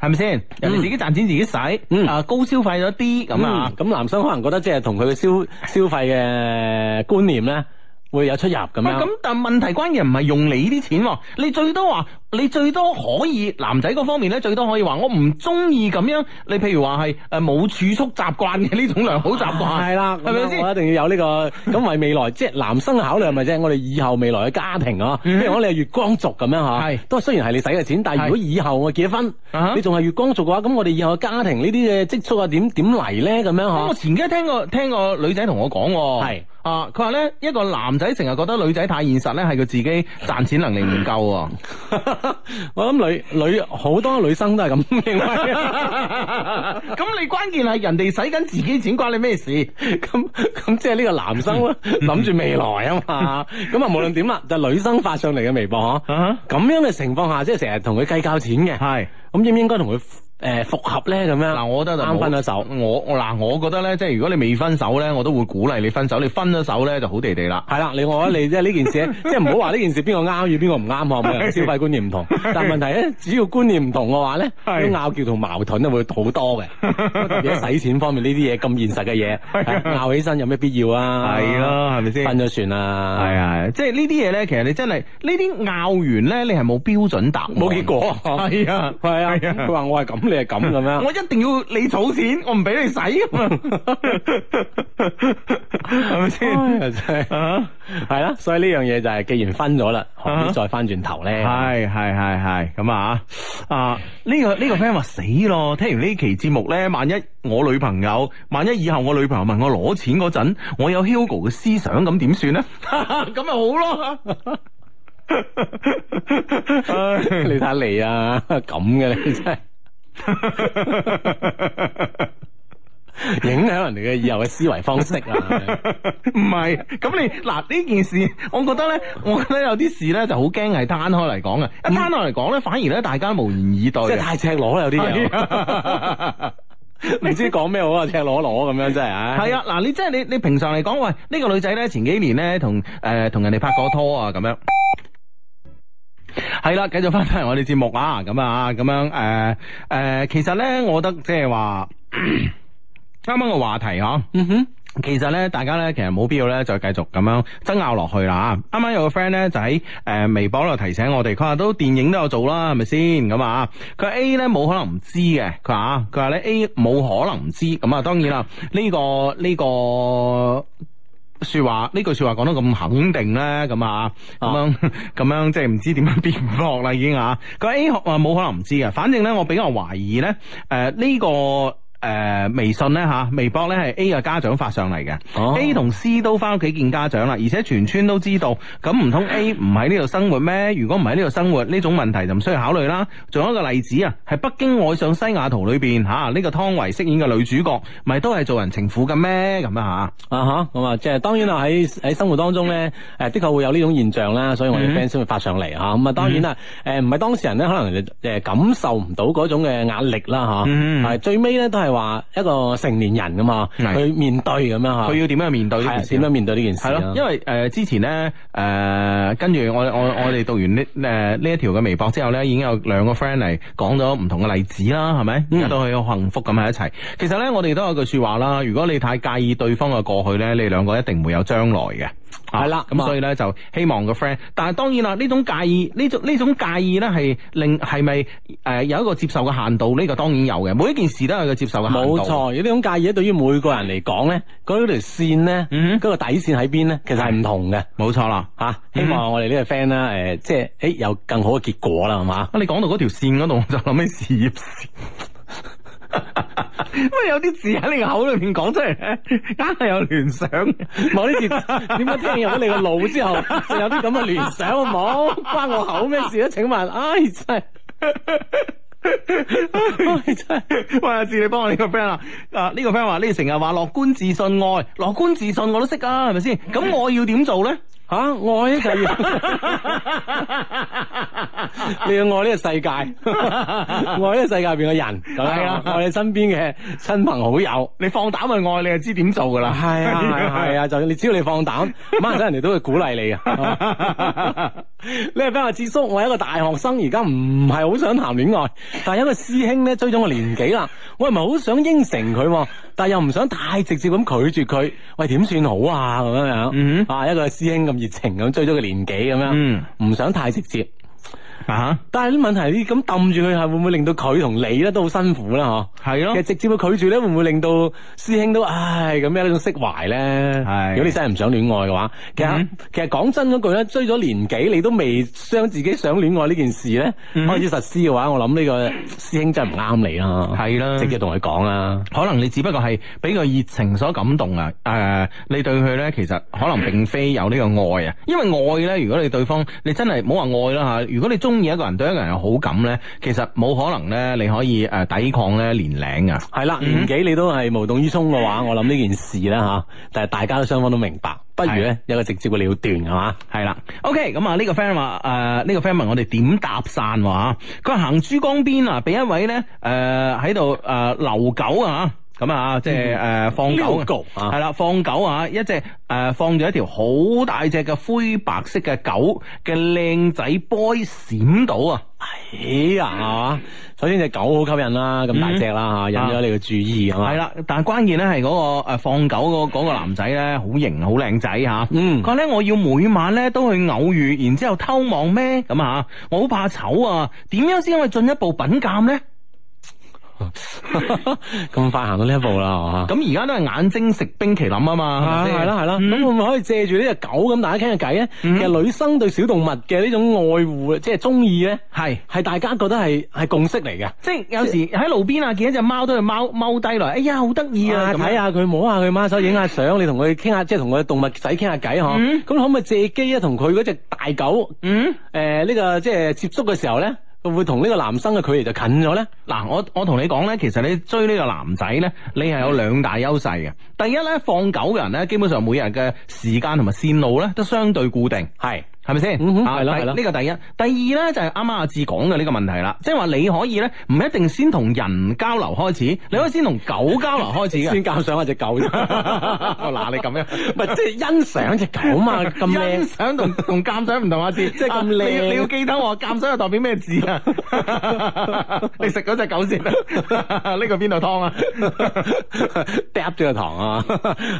係咪先？ 吧人哋自己賺錢自己使，嗯、啊高消費咗啲咁啊，咁、嗯、男生可能覺得即係同佢嘅消消費嘅觀念咧。會有出入咁樣。咁、啊，但係問題關鍵唔係用你啲錢，啊，你最多話，你最多可以男仔嗰方面呢，最多可以話我唔中意咁樣。你譬如話係誒冇儲蓄習慣嘅呢種良好習慣係啦，係咪先？我一定要有呢、這個咁為 未來，即、就、係、是、男生考慮，係咪即係我哋以後未來嘅家庭啊？譬、mm hmm. 如我哋係月光族咁樣吓，係都是雖然係你使嘅錢，但係如果以後我結咗婚，是你仲係月光族嘅話，咁我哋以後嘅家庭積呢啲嘅積蓄啊，點點嚟呢咁樣吓？我前幾日聽過聽過女仔同我講係。啊！佢話咧，一個男仔成日覺得女仔太現實咧，係佢自己賺錢能力唔夠。 我諗女女好多女生都係咁認為，咁 你關鍵係人哋使緊自己錢，關你咩事？咁咁即係呢個男生咯，諗住 未來啊嘛。咁啊，無論點啦，就是、女生發上嚟嘅微博嗬，咁、uh huh. 樣嘅情況下，即係成日同佢計較錢嘅，係咁 是應唔應該同佢？誒，復合咧咁樣嗱，我覺得啱分咗手。我我嗱，我覺得咧，即係如果你未分手咧，我都會鼓勵你分手。你分咗手咧，就好地地啦。係啦，你我咧，你即係呢件事，即係唔好話呢件事邊個啱與邊個唔啱嗬。每人消費觀念唔同，但係問題咧，只要觀念唔同嘅話咧，都拗撬同矛盾都會好多嘅。特別喺使錢方面呢啲嘢，咁現實嘅嘢，拗起身有咩必要啊？係咯，係咪先分咗算啦？係啊，即係呢啲嘢咧，其實你真係呢啲拗完咧，你係冇標準答，冇結果。係啊，係啊，佢話我係咁。你係咁噶咩？我一定要你儲錢，我唔俾你使，嘛，係咪先？真係，係啦，所以呢樣嘢就係，既然分咗啦，何必再翻轉頭咧？係係係係，咁啊啊！呢個呢個 friend 話死咯，聽完呢期節目咧，萬一我女朋友，萬一以後我女朋友問我攞錢嗰陣，我有 Hugo 嘅思想，咁點算咧？咁咪好咯，你睇嚟啊，咁嘅你真係。 影響人哋嘅以後嘅思維方式啊！唔係，咁你嗱呢件事，我覺得咧，我覺得有啲事咧就好驚係攤開嚟講嘅，一攤開嚟講咧，反而咧大家無言以對。即係太赤裸啦有啲嘢，唔的 知講咩好啊！赤裸裸咁樣真係啊！係啊， 嗱，你即係你你平常嚟講，喂，呢個女仔咧，前幾年咧，同誒同人哋拍過拖啊，咁樣。係啦，繼、嗯、續翻翻嚟我哋節目啊，咁啊，咁樣誒誒，其實咧，我覺得即係話啱啱個話題啊。嗯哼，其實咧，大家咧，其實冇必要咧，再繼續咁樣爭拗落去啦。啱啱有個 friend 咧，就喺誒微博度提醒我哋，佢話都電影都有做啦，係咪先咁啊？佢話 A 咧冇可能唔知嘅，佢話佢話咧 A 冇可能唔知，咁啊，當然啦，呢個呢個。這個說話呢句話說話講得咁肯定咧，咁啊咁樣咁樣，即係唔知點樣變魔啦，已經啊！佢話誒，冇可能唔知啊，反正咧，我比較懷疑咧，誒、呃、呢、呢個。誒、呃，微信咧吓，微博咧係 A 嘅家長發上嚟嘅、哦、，A 同 C 都翻屋企見家長啦，而且全村都知道。咁唔通 A 唔喺呢度生活咩？如果唔喺呢度生活，呢種問題就唔需要考慮啦。仲有一個例子啊，係北京愛上西雅圖裏邊吓，呢個湯唯飾演嘅女主角，咪都係做人情婦嘅咩？咁樣吓，啊吓，咁啊、嗯嗯，即係當然啦，喺喺生活當中咧，誒的確會有呢種現象啦，所以我哋 friend 先會發上嚟吓。咁、嗯、啊，當然啦，誒唔係當事人咧，可能誒感受唔到嗰種嘅壓力啦吓，係、啊嗯、最尾咧都係。話一個成年人㗎嘛，是去面對咁樣，佢要點樣面對呢？點、啊、樣面對呢件事？因為誒、呃、之前呢，誒、呃、跟住我我我哋讀完呢誒呢一條嘅微博之後呢，已經有兩個 friend 嚟講咗唔同嘅例子啦，係咪？到佢好、嗯、幸福咁喺一齊。其實呢，我哋都有句說話啦，如果你太介意對方嘅過去呢，你兩個一定唔會有將來嘅。係啦，咁、啊嗯、所以咧就希望個 friend，但係當然啦，呢種介意呢種呢種介意咧係令係咪誒有一個接受嘅限度？呢、這個當然有嘅，每一件事都有個接受嘅限度。冇錯，如果呢種介意對於每個人嚟講咧，嗰條線咧，嗰、嗯、哼個底線喺邊咧，其實係唔同嘅。冇錯啦，吓、啊，希望我哋呢個 friend 咧，誒、呃，即係誒有更好嘅結果啦，係嘛、嗯哼？你講到嗰條線嗰度，我就諗起事業線。 乜 有啲字喺你個口裏面講出嚟，梗係有聯想。 某啲字點解聽入咗你個腦之後，就有啲咁嘅聯想？好唔好？關我口咩事咧？請問，哎真係，真係。哎、真 喂阿志，你幫我呢個 friend 啊？啊、這、呢個 friend 話，你成日話樂觀自信愛，樂觀自信我都識啊，係咪先？咁我要點做咧？吓、啊！愛呢個要， 你要愛呢個世界， 愛呢個世界入邊嘅人，愛、就、你、係、身邊嘅親朋好友。 你放膽去愛，你就知點做㗎喇。係啊係啊，就你、啊啊啊啊、只要你放膽，咁啊，人哋都會鼓勵你啊。 你係比如話志叔，我一個大學生，而家唔係好想談戀愛，但係一個師兄咧追咗我年幾啦，我唔係好想應承佢，但係又唔想太直接咁拒絕佢，喂，點算好啊？咁樣樣，啊、嗯，一個師兄咁。熱情咁追咗個年幾咁樣，嗯，唔想太直接。啊！但係啲問題，你咁抌住佢，係會唔會令到佢同你咧都好辛苦啦？嗬，係咯。其實直接去拒絕咧，會唔會令到師兄都唉咁樣呢種釋懷咧？係。如果你真係唔想戀愛嘅話，其實其實講真嗰句咧，追咗年幾，你都未將自己想戀愛呢件事咧開始實施嘅話，我諗呢個師兄真係唔啱你咯。係啦。直接同佢講啦。可能你只不過係俾個熱情所感動啊！誒，你對佢咧其實可能並非有呢個愛啊，因為愛咧，如果你對方你真係冇話愛啦吓，如果你中。如一個人對一個人有好感呢，其實冇可能呢。你可以誒抵抗呢年齡啊。係啦的，年紀、嗯、哼你都係無動於衷嘅話，我諗呢件事咧吓，但係大家都雙方都明白，不如呢，有個直接嘅了斷係嘛。係啦的的，OK，咁啊呢個 friend 話誒呢個 friend 問我哋點搭訕啊？佢話行珠江邊啊，俾一位呢，誒喺度誒遛狗啊。咁啊，即係誒，放狗係啦，放狗啊，一隻誒，放咗一條好大隻嘅灰白色嘅狗嘅靚仔 boy 閃到啊！哎呀，首先隻狗好吸引啦，咁大隻啦吓，嗯、引咗你嘅注意啊係啦吧，但係關鍵咧係嗰個誒、啊、放狗嗰個男仔咧，好型好靚仔吓。啊、嗯，佢咧我要每晚咧都去偶遇，然之後偷望咩？咁啊，我好怕醜啊，點樣先可以進一步品鑑咧？咁快行到呢一步啦，吓咁而家都係眼睛食冰淇淋啊嘛，係啦係啦，咁會唔會可以借住呢隻狗咁大家傾下偈咧？其實女生對小動物嘅呢種愛護即係中意咧，係係大家覺得係係共識嚟嘅。即係有時喺路邊啊，見一隻貓都係貓貓低落嚟，哎呀好得意啊！睇下佢摸下佢，掹手，影下相，你同佢傾下，即係同佢動物仔傾下偈嗬。咁可唔可以借機啊同佢嗰隻大狗，誒呢個即係接觸嘅時候咧？會同呢個男生嘅距離就近咗咧？嗱，我我同你講咧，其實你追呢個男仔咧，你係有兩大優勢嘅。第一咧，放狗嘅人咧，基本上每日嘅時間同埋線路咧，都相對固定，係。係咪先？係咯，係咯。呢個第一，第二咧就係啱啱阿志講嘅呢個問題啦，即係話你可以咧唔一定先同人交流開始，嗯、你可以先同狗交流開始嘅。 先鑑賞下隻狗，我 嗱、 哦、你咁樣，唔係即係欣賞隻狗啊嘛，咁靚。 欣賞同同鑑賞唔同阿志， 即係咁靚。你要記得我鑑賞係代表咩字啊？ 你食嗰隻狗先呢、啊、 呢個邊度湯啊？嗒咗個糖啊？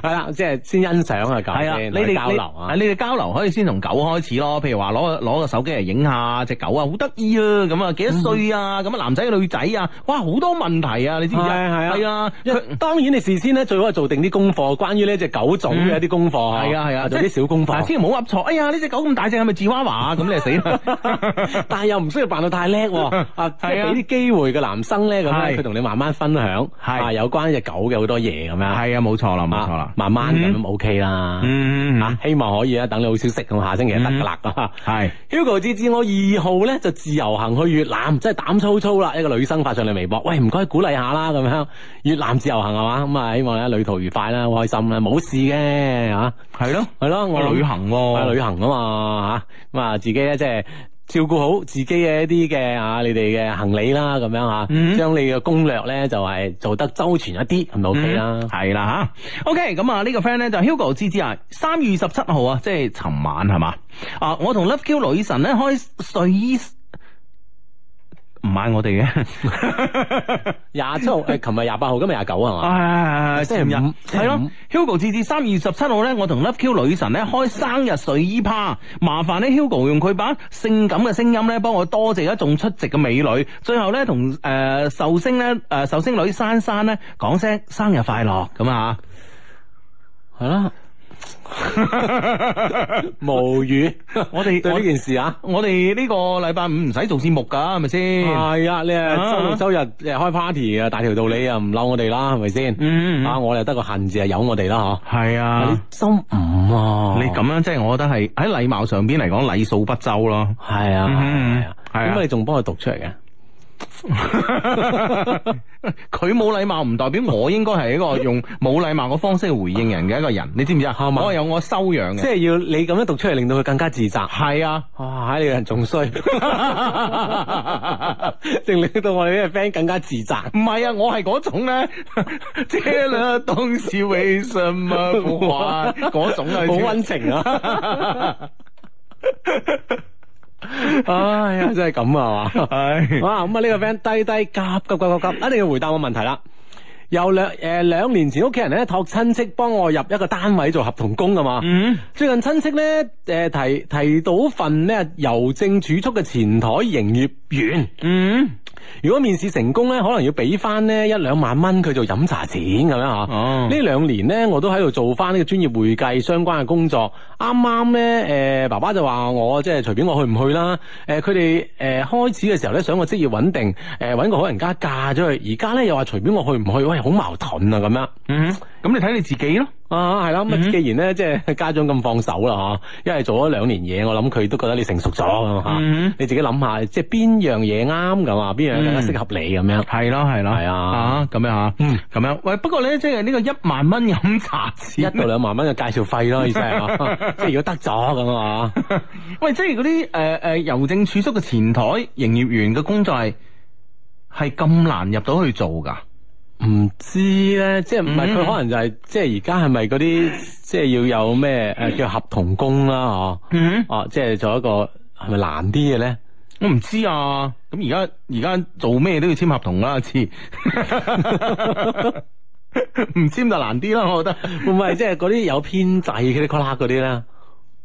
係啦，即係先欣賞啊，鑑你哋交流啊。你哋交流可以先同狗開始。咯，譬如話攞攞個手機嚟影下隻狗啊，好得意啊，咁啊幾多歲啊，咁啊男仔女仔啊，哇好多問題啊，你知唔知啊？係啊，係啊，佢當然你事先咧最好係做定啲功課，關於呢隻狗種嘅一啲功課，係啊係啊，做啲小功課，千祈唔好噏錯。哎呀，呢隻狗咁大隻，係咪吉娃娃啊？咁你就死啦！但係又唔需要扮到太叻，啊，俾啲機會嘅男生咧，咁佢同你慢慢分享，係有關隻狗嘅好多嘢，咁樣係啊，冇錯啦，冇錯啦，慢慢咁樣 O K 啦，啊，希望可以啊，等你好消息咁，下星期得噶啦。係，Hugo 志志我二號咧就自由行去越南，真係膽粗粗啦！一個女生發上嚟微博，喂，唔該鼓勵下啦，咁樣越南自由行係嘛，咁啊、嗯、希望你旅途愉快啦，好開心啦，冇事嘅吓，係咯係咯，我旅行，旅行嘛啊嘛吓，咁、嗯、啊自己咧即係。就是照顧好自己嘅一啲嘅啊，你哋嘅行李啦，咁樣吓，將你嘅攻略咧就係做得周全一啲，係咪、嗯、ok 啦？係啦吓，ok 咁啊呢個 friend 咧就 Hugo 芝芝啊，三月二十七號啊，即係尋晚係嘛啊，我同 Love Q 女神咧開睡衣。買我哋嘅廿七號，誒，琴日廿八號，今日廿九係嘛？誒、哎呀，星期五。係咯。Hugo，至至三月十七號咧，我同 LoveQ 女神咧開生日睡衣趴，麻煩咧 Hugo 用佢把性感嘅聲音咧，幫我多謝一眾出席嘅美女。最後咧同誒壽星咧誒壽星女珊珊咧講聲生日快樂咁啊，係啦。無 語雨， 我哋們 對呢件事啊，我哋呢個禮拜五唔使做節目噶，係咪先？係啊，你係周六周日誒開 party 啊，大條道理啊，唔嬲我哋啦，係咪先？嗯，啊我哋得個恨字啊，有我哋啦，嗬。係啊，中午啊，你咁樣即係我覺得係喺禮貌上邊嚟講禮數不周咯。係啊，係、嗯嗯嗯、啊，點解你仲幫佢讀出嚟嘅？佢冇禮貌唔代表我應該係一個用冇禮貌嘅方式去回應人嘅一個人，你知唔知啊？吧我有我修養嘅，即係要你咁樣讀出嚟，令到佢更加自責。係啊，哇、啊！你個人仲衰，淨 令到我啲 friend 更加自責。唔係啊，我係嗰種咧，嗟啦 呢，當時為什麼話嗰種啊，好温情啊。 哎呀，真係咁啊嘛，係、 哎、哇咁啊呢個 friend 低低急急，急急急急急，一定要回答我問題啦。有兩誒兩年前屋企人咧託親戚幫我入一個單位做合同工啊嘛，嗯、最近親戚咧誒、呃、提提到份咧郵政儲蓄嘅前台營業員嗯。如果面試成功呢，可能要俾翻呢一兩萬蚊佢做飲茶錢咁樣吓。呢 兩年呢，我都喺度做翻呢個專業會計相關嘅工作。啱啱呢，誒、呃，爸爸就話我即係隨便我去唔去啦。誒、呃，佢哋誒開始嘅時候呢，想我職業穩定，誒、呃，搵個好人家嫁咗去。而家呢，又話隨便我去唔去，喂，好矛盾啊咁樣。嗯，咁你睇你自己咯。啊，係啦，咁啊，嗯、既然咧，即係家長咁放手啦，吓，因為做咗兩年嘢，我諗佢都覺得你成熟咗，吓、啊，嗯、哼你自己諗下，即係邊樣嘢啱㗎嘛？邊樣更加適合你咁樣？係咯、嗯，係咯，係啊，咁樣吓，咁樣、啊。喂、嗯啊，不過咧，即係呢個一萬蚊飲茶錢，一到兩萬蚊嘅介紹費咯，意思係，即係如果得咗咁啊？ 喂，即係嗰啲誒誒郵政儲蓄嘅前台營業員嘅工作係係咁難入到去做㗎？唔知咧，即係唔係佢可能就係、是、即係而家係咪嗰啲即係要有咩誒、啊、叫合同工啦？嗬、啊，哦、mm hmm. 啊，即係做一個係咪難啲嘅咧？我唔知啊，咁而家而家做咩都要簽合同啦，似唔簽就難啲啦，我覺得，會唔會係即係嗰啲有編制嗰啲、嗰啲咧。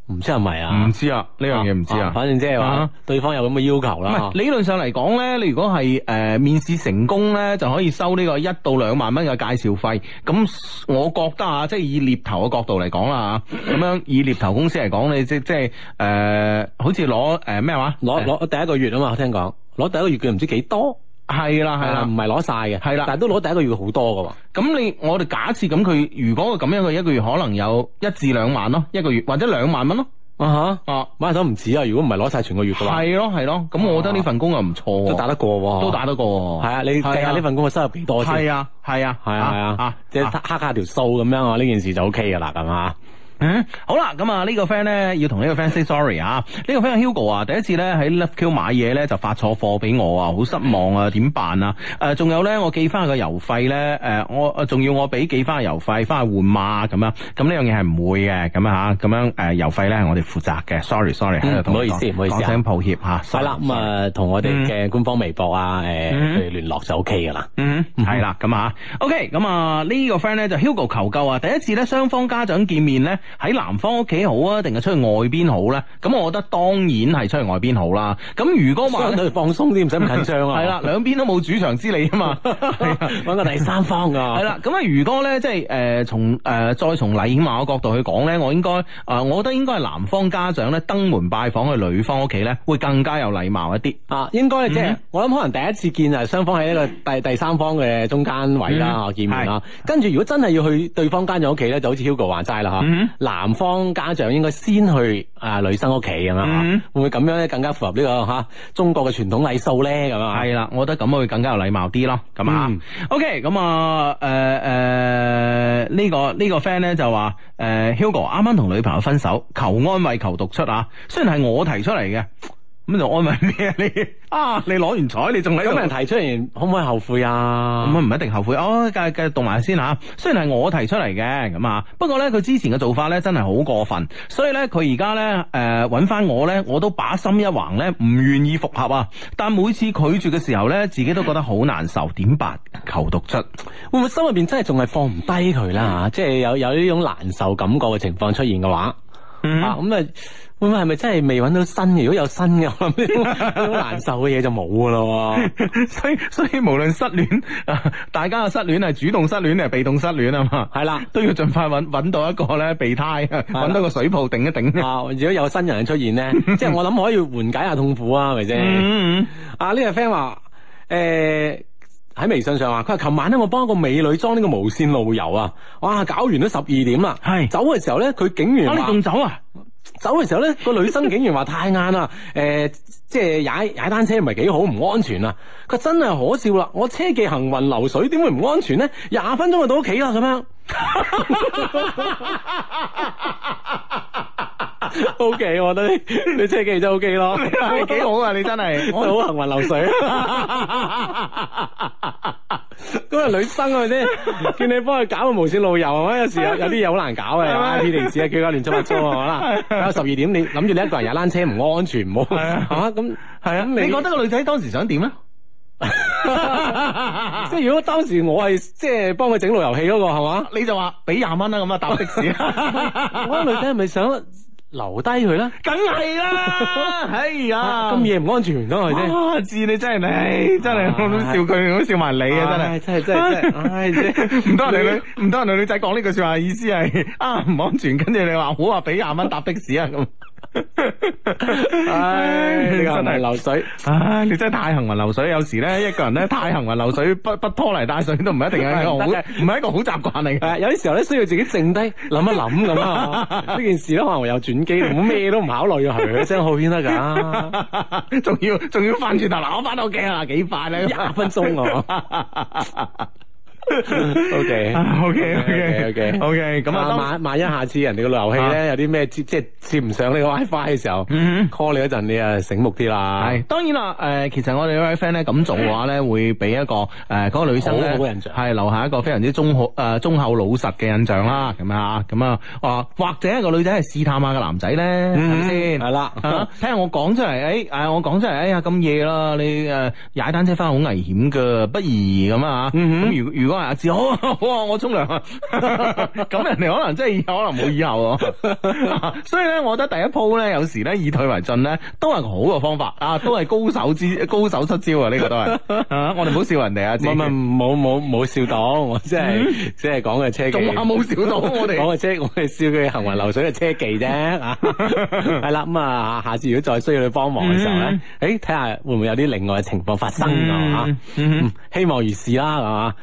唔知係咪啊？唔知啊，呢樣嘢唔知啊，啊。反正即係話，啊、對方有咁嘅要求啦。唔係啊、理論上嚟講咧，你如果係誒、呃、面試成功咧，就可以收呢個一到兩萬蚊嘅介紹費。咁我覺得啊，即係以獵頭嘅角度嚟講啦，咁 樣以獵頭公司嚟講，你即即係誒，好似攞誒咩話，攞、呃、攞第一個月啊嘛，我聽講，攞第一個月佢唔知幾多。係啦係啦，唔係攞晒嘅，係啦，但係都攞第一個月好多噶。咁你我哋假設咁，佢如果咁樣嘅一個月，可能有一至兩萬咯，一個月或者兩萬蚊咯。啊吓，啊，萬都唔止啊。如果唔係攞晒全個月嘅話，係咯係咯。咁我覺得呢份工又唔錯，都打得過喎，都打得過。係啊，你計下呢份工嘅收入幾多先。係啊係啊係啊係啊，即係黑下條數咁樣啊，呢件事就 OK 噶啦，咁啊。嗯、好啦，咁啊呢個 friend 咧要同呢個 friend say sorry 啊，呢、這個 friend Hugo 啊，第一次咧喺 LoveQ 買嘢咧就發錯貨俾我啊，好失望啊，點辦啊？誒、呃，仲有咧，我寄翻個郵費咧，誒、呃啊啊呃，我仲要我俾寄翻個郵費翻去換碼咁樣，咁呢樣嘢係唔會嘅，咁啊吓，咁樣誒郵費咧我哋負責嘅，sorry sorry 唔、嗯嗯、好意思、啊，唔好意思，講聲抱歉吓、啊。係啦，咁啊同我哋嘅官方微博啊誒聯、嗯呃、絡就 OK 噶、嗯嗯、啦。嗯哼，係啦，咁啊 OK，咁啊呢個 friend 咧就 Hugo 求救啊，第一次咧雙方家長見面咧。喺男方屋企好啊，定係出去外邊好咧？咁我覺得當然係出去外邊好啦。咁如果話，相對放鬆啲，唔使咁緊張啊。係 啦，兩邊都冇主場之利啊嘛。揾 的個第三方啊。係 啦，咁啊，如果咧，即係誒，從、呃、誒再從禮貌嘅角度去講咧，我應該誒、呃，我覺得應該係男方家長咧登門拜訪去女方屋企咧，會更加有禮貌一啲啊。應該即係我諗，可能第一次見就係雙方喺呢個第第三方嘅中間位啦，嗬、mm hmm. 見面啦。是跟住如果真係要去對方家長屋企咧，就好似 Hugo 話齋啦，嗬、mm。Hmm. Mm hmm. 男方家長應該先去啊，呃，女生屋企。咁啊，樣嗯，會唔會咁樣咧更加符合呢、呢個嚇中國嘅傳統禮數咧咁啊。係啦，我覺得咁啊會更加有禮貌啲咯。咁，嗯 okay, 啊，OK，咁啊誒，誒呢個呢個 friend 咧就話誒，呃，Hugo 啱啱同女朋友分手，求安慰求獨出啊。雖然係我提出嚟嘅。咁仲安慰咩啊你？ 啊，你攞完彩你仲有人提出嚟？可唔可以後悔啊？唔、嗯，唔一定後悔。我繼繼續動埋先吓。雖然係我提出嚟嘅，咁啊，不過咧佢之前嘅做法咧真係好過分，所以咧佢而家咧誒揾翻我咧，我都把心一橫咧，唔願意復合啊。但每次拒絕嘅時候咧，自己都覺得好難受。點辦？求獨出，會唔會心裏邊真係仲係放唔低佢啦？嗯、即係有有呢種難受感覺嘅情況出現嘅話？Mm hmm. 啊，咁、嗯、啊，咁會唔會係咪真係未揾到新？如果有新嘅，好 難受嘅嘢就冇噶啦，所以所以無論失戀、啊，大家嘅失戀係主動失戀定係被動失戀啊？嘛，係啦的，都要盡快揾揾到一個咧備胎，揾的到個水泡頂一頂。啊，如果有新人出現咧， 即係我諗可以緩解下痛苦啊，係咪先？啊，呢個 friend 話，誒、mm。Mm hmm. 喺微信上話，佢話琴晚咧，我幫一個美女裝呢個無綫路由啊，哇，搞完都十二點啦。係是走嘅時候咧，佢警員話：你仲走啊？走嘅時候咧，個女生警員話：太晏啦，誒，即係踩踩單車唔係幾好，唔安全啊。佢真係可笑啦，我車技行雲流水，點會唔安全咧？廿分鐘就到屋企啦，咁樣。 o、okay, K，我覺得你車技真係 O K 咯，你幾好啊！ 你真係，我 好行雲流水。嗰 個女生啊，啲叫你幫佢搞個無線路由，係嘛？有時有啲嘢好難搞嘅，啲電池啊，一幾搞亂七八糟啊啦。搞到十二點，你諗住你一個人踩單車唔安全，唔好吓咁係啊！你覺得個女仔當時想點咧？即係如果當時我係即係幫佢整路遊戲嗰個係嘛，你就話俾廿蚊啦咁啊搭的士，我係咪即係咪想留低佢啦？梗係啦，哎呀，咁夜唔安全咯，係咪先？哇，智你真係，真係我都笑佢，我都笑埋你啊，真係，真係真係，唔多女女唔多女女仔講呢句說話，意思係啊唔安全，跟住你話好話俾廿蚊搭的士啊咁。 唉，你真係流水，是唉，你真係太行雲流水。 有時咧，一個人咧太行雲流水，不不拖泥帶水都唔一定嘅，唔係一個好習慣嚟嘅。有啲時候咧需要自己靜低諗一諗咁啊，呢 件事咧可能會有轉機，唔好咩都唔考慮，噓噓聲好先得噶。仲 要仲要翻轉頭嗱，我翻到屋企啊幾快咧，廿分鐘啊。O K O K O K O K O K 咁啊萬萬一下次人哋個路由器咧有啲咩接即係接唔上呢個 WiFi 嘅時候，call 你一陣，你啊醒目啲啦。係當然啦，誒，其實我哋位 friend 咧咁做嘅話咧，會俾一個誒嗰個女生咧好印象係留下一個非常之忠好誒忠厚老實嘅印象啦。咁啊咁啊，啊或者個女仔係試探下個男仔咧，係咪先？係啦，聽我講出嚟，誒誒，我講出嚟，哎呀咁夜啦，你誒踩單車翻好危險噶，不宜咁啊。咁如如果自好，我我沖涼，咁人哋可能真係可能冇以後，所以咧，我覺得第一鋪咧，有時咧，以退為進咧，都係好嘅方法啊，都係高手之高手出招啊，呢個都係，我哋唔好笑人哋啊，唔唔唔，冇冇冇笑檔，我即係即係講嘅車技，仲話冇笑檔，我哋講嘅車，我哋笑佢行雲流水嘅車技啫，係啦，咁啊，下次如果再需要你幫忙嘅時候咧，誒，睇下會唔會有啲另外嘅情況發生啊，希望如是啦，係嘛。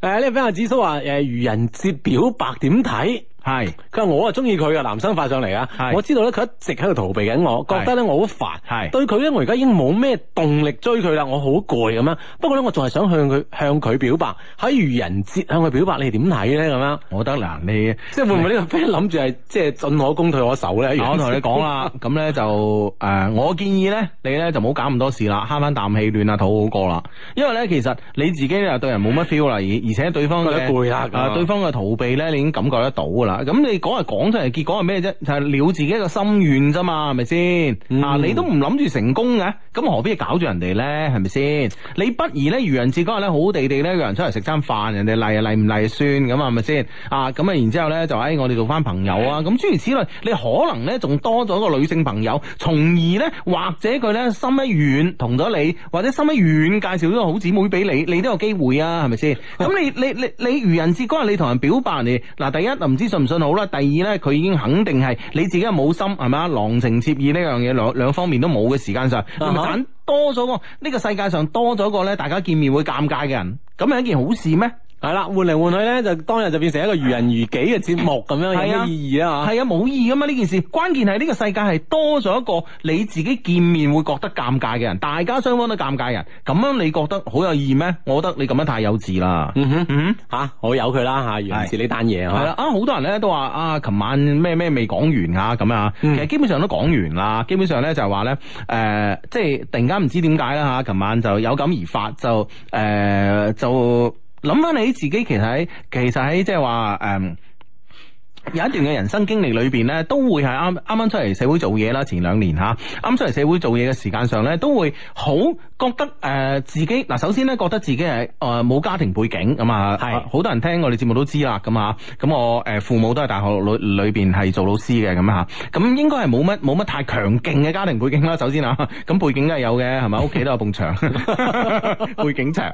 誒，呢個阿紫叔話話：愚人節表白點睇？係，佢話是我啊中意佢嘅男生發上嚟啊，是我知道咧佢一直喺度逃避緊我，是覺得咧我好煩，是對佢咧我而家已經冇咩動力追佢啦，我好攰咁啊。不過咧我仲係想向佢向佢表白，喺愚人節向佢表白你，你點睇咧咁啊？我覺得嗱，你即係會唔會呢個 friend 諗住係即係進可攻退可守咧？ 我同你講啦，咁咧就誒、呃，我建議咧你咧就唔好搞咁多事啦，慳翻啖氣，暖下肚好過啦。因為咧其實你自己咧對人冇乜 feel 啦，而而且對方攰啦，啊 對方嘅 逃避咧你已經感覺得到噶啦。咁你講係講出嚟，結果係咩啫？就係了自己一個心願啫嘛，係咪先？啊，你都唔諗住成功嘅，啊，咁何必搞住人哋咧？係咪先？你不如咧愚人節嗰日咧，好，好地地咧約人出嚟食餐飯，人哋嚟啊嚟唔嚟算咁啊？係咪先？啊，咁啊，然之後咧就喺我哋做翻朋友啊！咁諸如此類，你可能咧仲多咗一個女性朋友，從而咧或者佢咧心一軟同咗你，或者心一軟介紹咗個好姊妹俾你，你都有機會啊？係咪先？咁，啊嗯、你你你，你，你，你愚人節嗰日你同人表白你嗱，啊，第一林之信，信好啦，第二咧，佢已經肯定係你自己又冇心，係咪啊？郎情妾意呢樣嘢兩兩方面都冇嘅時間上，你賺、uh huh. 多咗個呢、呢個世界上多咗個咧，大家見面會尷尬嘅人，咁係一件好事咩？係啦，換嚟換去咧，就當日就變成一個愚人愚己嘅節目咁樣， 有咩意義啊？係啊，冇、啊、意義噶嘛呢件事。關鍵係呢個世界係多咗一個你自己見面會覺得尷尬嘅人，大家雙方都尷尬人，咁樣你覺得好有意義咩？我覺得你咁樣太幼稚啦、嗯。嗯哼，嗯、啊、吓好有佢啦吓，尤其是呢單嘢。係啦，啊好是、啊啊、多人咧都話啊，琴晚咩咩未講完啊咁啊，其實基本上都講完啦。基本上咧就係話咧，誒、呃，即係突然間唔知點解啦吓，琴晚就有感而發就誒、呃、就。呃就諗翻你自己，其實喺其實喺即係話誒。Um 有一段嘅人生經歷裏邊咧，都會係啱啱，啱出嚟社會做嘢啦。前兩年吓，啱出嚟社會做嘢嘅時間上咧，都會好覺得誒自己嗱。首先咧，覺得自己係誒冇家庭背景咁啊。係是。好多人聽我哋節目都知啦，咁啊。咁我誒父母都係大學裏裏邊係做老師嘅咁嚇。咁應該係冇乜冇乜太強勁嘅家庭背景啦。首先啊，咁背景都係有嘅係咪？屋企都有埲牆。 背景牆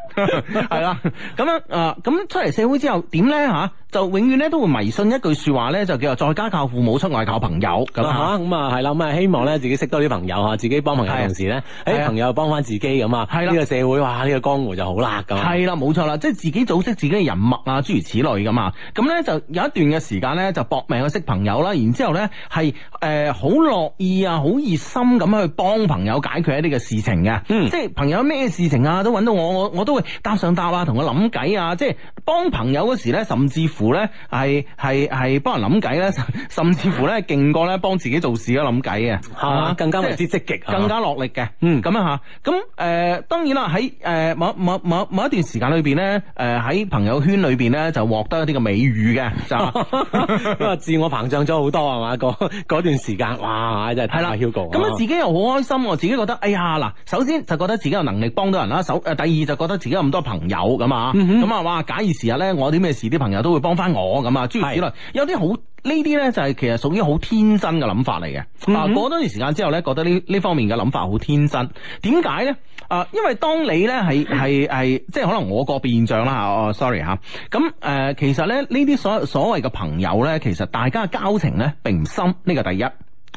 係啦。咁樣誒，咁出嚟社會之後點咧吓？就永遠咧都會迷信一句說話。話咧就叫做在家靠父母，出外靠朋友咁啦，咁啊係啦，咁啊希望咧自己多識多啲朋友吓，自己幫朋友同時咧，啲、嗯哎、朋友又幫翻自己咁啊。呢、嗯、個社會哇，呢、這個江湖就好辣噶。係啦、嗯，冇錯啦，即係自己組織自己嘅人脈啊，諸如此類咁嘛。咁咧就有一段嘅時間咧，就搏命去識朋友啦。然之後咧係誒好樂意啊，好熱心咁去幫朋友解決一啲嘅事情嘅。嗯，即係朋友咩事情啊，都揾到我，我我都會搭上搭啊，同佢諗計啊，即係。即即幫朋友嗰時咧，甚至乎咧係係係幫人諗計咧，甚至乎咧勁過咧幫自己做事嘅諗計嘅，吓、啊，啊、更加為之積極，啊、更加落力嘅。嗯，咁樣吓，咁誒、呃，當然啦，喺誒、呃、某某某某一段時間裏邊咧，誒、呃、喺朋友圈裏邊咧就獲得一啲嘅美譽嘅，就自我膨脹咗好多啊嘛！嗰段時間，哇，真係睇阿咁啊，啊自己又好開心，自己覺得哎呀嗱，首先就覺得自己有能力幫到人啦，首誒第二就覺得自己有咁多朋友咁啊，咁啊哇，假、嗯嗯時日咧，我有啲咩事，啲朋友都會幫翻我咁啊。諸如此類，是有啲好呢啲咧，就係、是、其實屬於好天真嘅諗法嚟嘅。嗱、嗯哼，過咗段時間之後咧，覺得呢呢方面嘅諗法好天真。點解咧？啊、呃，因為當你咧係係係，即係可能我個別現象啦。是哦、sorry，啊，sorry 吓。咁、呃、誒，其實咧呢啲所所謂嘅朋友咧，其實大家嘅交情咧並唔深。呢、這個第一。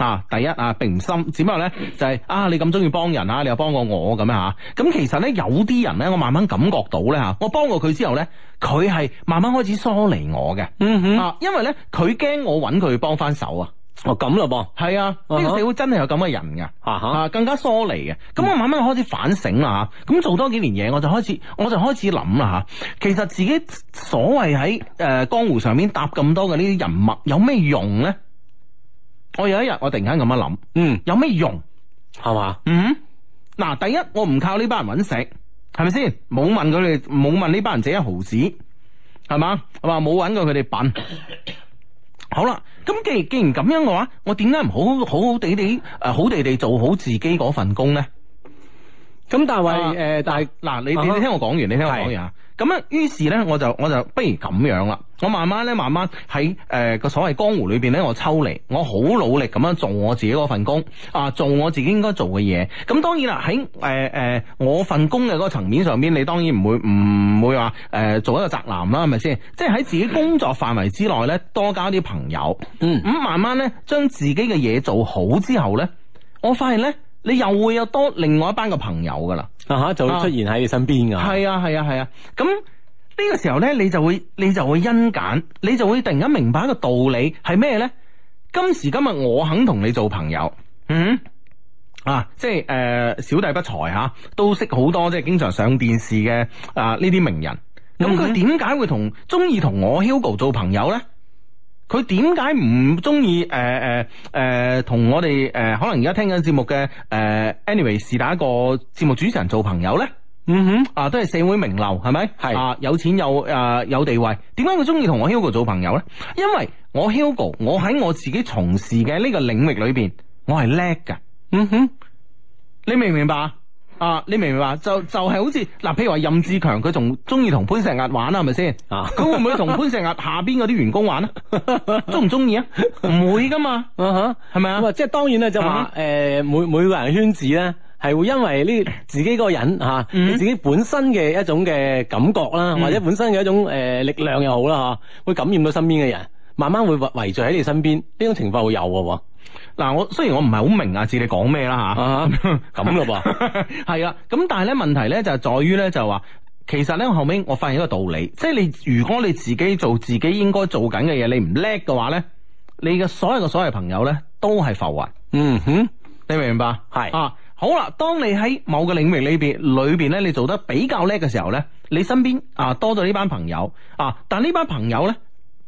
啊！第一啊，並唔深，只不過咧，就係、是、啊，你咁中意幫人幫啊，你又幫過我咁樣吓。咁其實咧，有啲人咧，我慢慢感覺到咧吓、啊，我幫過佢之後咧，佢係慢慢開始疏離我嘅。嗯哼，啊，因為咧，佢驚我揾佢幫翻手啊。哦，咁咯噃，係啊，呢個社會真係有咁嘅人噶。啊哈啊，更加疏離嘅。咁、啊、我、啊啊啊、慢慢開始反省啦吓。咁、啊嗯、做多幾年嘢，我就開始，我就開始諗啦吓。其實自己所謂喺誒江湖上面搭咁多嘅呢啲人脈，有咩用咧？我有一日，我突然間咁樣諗，嗯，有咩用係嘛？吧嗯，嗱，第一我唔靠呢班人揾食，係咪先？冇問佢哋，冇問呢班人借一毫子，係嘛？係嘛？冇揾過佢哋笨。 好啦，咁既既然咁樣嘅話，我點解唔好好，好好地地誒、呃、好地地做好自己嗰份工咧？咁但係誒，但係嗱，你、啊、你，你聽我講完，啊、你聽我講完啊。咁樣是，於是咧，我就我就不如咁樣啦。我慢慢咧，慢慢喺誒個所謂江湖裏邊咧，我抽離，我好努力咁樣做我自己嗰份工啊，做我自己應該做嘅嘢。咁、啊、當然啦，喺誒誒我份工嘅嗰個層面上邊，你當然唔會唔會話誒做一個宅男啦，係咪先？即係喺自己工作範圍之內咧，多交啲朋友。嗯，咁、嗯、慢慢咧，將自己嘅嘢做好之後咧，我發現咧。呢你又會有多另外一班個朋友噶啦，啊哈，就會出現喺你身邊噶。係啊，係啊，係啊。咁呢、啊這個時候呢，你就會你就會欣感，你就會突然間明白一個道理係咩呢？今時今日我肯同你做朋友，嗯啊，即係、呃、小弟不才嚇、啊，都識好多即係經常上電視嘅啊呢啲名人。咁佢點解會同中意同我 Hugo 做朋友呢？佢點解唔中意，誒誒誒同我哋誒、呃、可能而家聽緊節目嘅誒、呃、anyway 是打一個節目主持人做朋友呢？嗯哼、mm，hmm. 啊都係社會名流係咪？係啊，有錢有誒、呃、有地位。點解佢中意同我 Hugo 做朋友呢？因為我 Hugo，我喺我自己從事嘅呢個領域裏邊，我係叻噶。嗯哼、mm，hmm. 你明唔明白？啊！你明唔明白？就就係、是、好似嗱、啊，譬如話任志強佢仲中意同潘石屹玩啦，係咪先？啊！佢會唔會同潘石屹下邊嗰啲員工玩咧？中唔中意啊？唔 會噶嘛。啊係咪啊？即、huh. 係吧當然咧，就話誒，huh. 每每個人圈子咧，係會因為呢自己個人吓，uh huh. 你自己本身嘅一種嘅感覺啦，uh huh. 或者本身嘅一種誒力量又好啦，嗬，會感染到身邊嘅人，慢慢會圍圍聚喺你身邊，呢種情況會有嘅。嗱，我雖然我唔係好明阿智你講咩啦吓，咁咯噃，係啊，咁 但係咧問題咧就係在於咧就係話，其實咧我後尾，我發現一個道理，即係你如果你自己做自己應該做緊嘅嘢，你唔叻嘅話咧，你嘅所有嘅所謂朋友咧都係浮雲。嗯哼，你明唔明白？係是啊，好啦，當你喺某個領域裏邊裏邊咧，你做得比較叻嘅時候咧，你身邊啊多咗呢班朋友啊，但呢班朋友咧。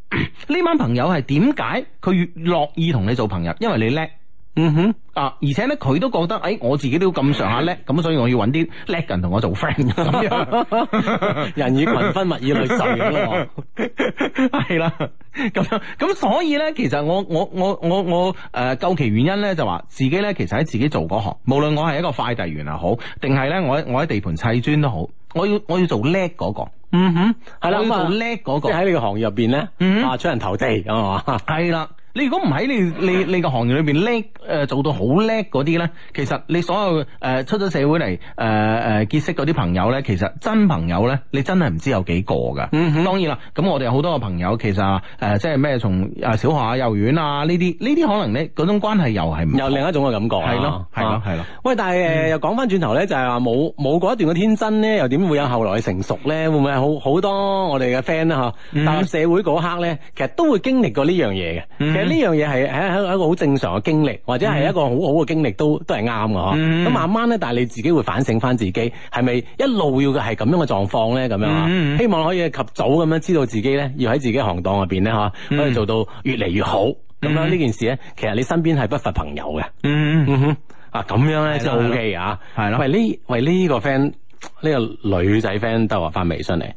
呢班朋友係點解佢越樂意同你做朋友？因為你叻，嗯哼啊！而且咧，佢都覺得誒，我自己都要咁上下叻，咁所以我要揾啲叻人同我做 friend 咁樣，人以群分，物以類聚咯，係啦。咁樣咁，所以咧，其實我我我我我誒，究其原因咧，就話自己咧，其實喺自己做嗰行，無論我係一個快遞員又好，定係咧我我喺地盤砌磚都好。我要我要做叻嗰、嗰個，嗯哼，係啦嘛，做叻嗰個喺呢個行業入邊咧，啊、嗯、哼出人頭地係嘛，係 啦。你如果唔喺你你你個行業裏邊叻，誒做到好叻嗰啲咧，其實你所有誒出咗社會嚟誒誒結識嗰啲朋友咧，其實真朋友咧，你真係唔知有幾個㗎。嗯，當然啦，咁我哋好多個朋友其實誒即係咩從誒小學啊、幼兒園啊呢啲，呢啲可能咧嗰種關係又係唔同。又另一種嘅感覺。係咯，係咯，係咯。喂，但係誒又講返轉頭咧，就係話冇冇嗰一段嘅天真咧，又點會有後來嘅成熟咧？會唔會係好好多我哋嘅 friend 咧？嗬，踏入社會嗰刻咧，其實都會經歷過呢樣嘢嘅。呢樣嘢係喺一個好正常嘅經歷，或者係一個好好嘅經歷，都都係啱嘅，咁慢慢呢，但係你自己會反省翻自己，係咪一路要嘅係咁樣嘅狀況呢？咁樣啊，嗯嗯、希望可以及早咁樣知道自己呢，要喺自己行當入邊咧，可以做到越嚟越好。咁、嗯、樣呢、啊、件事呢，其實你身邊係不乏朋友嘅。嗯嗯哼，啊咁樣咧真係 OK 啊，係咯。喂呢喂呢個 friend 呢個女仔 friend 都話返微信嚟，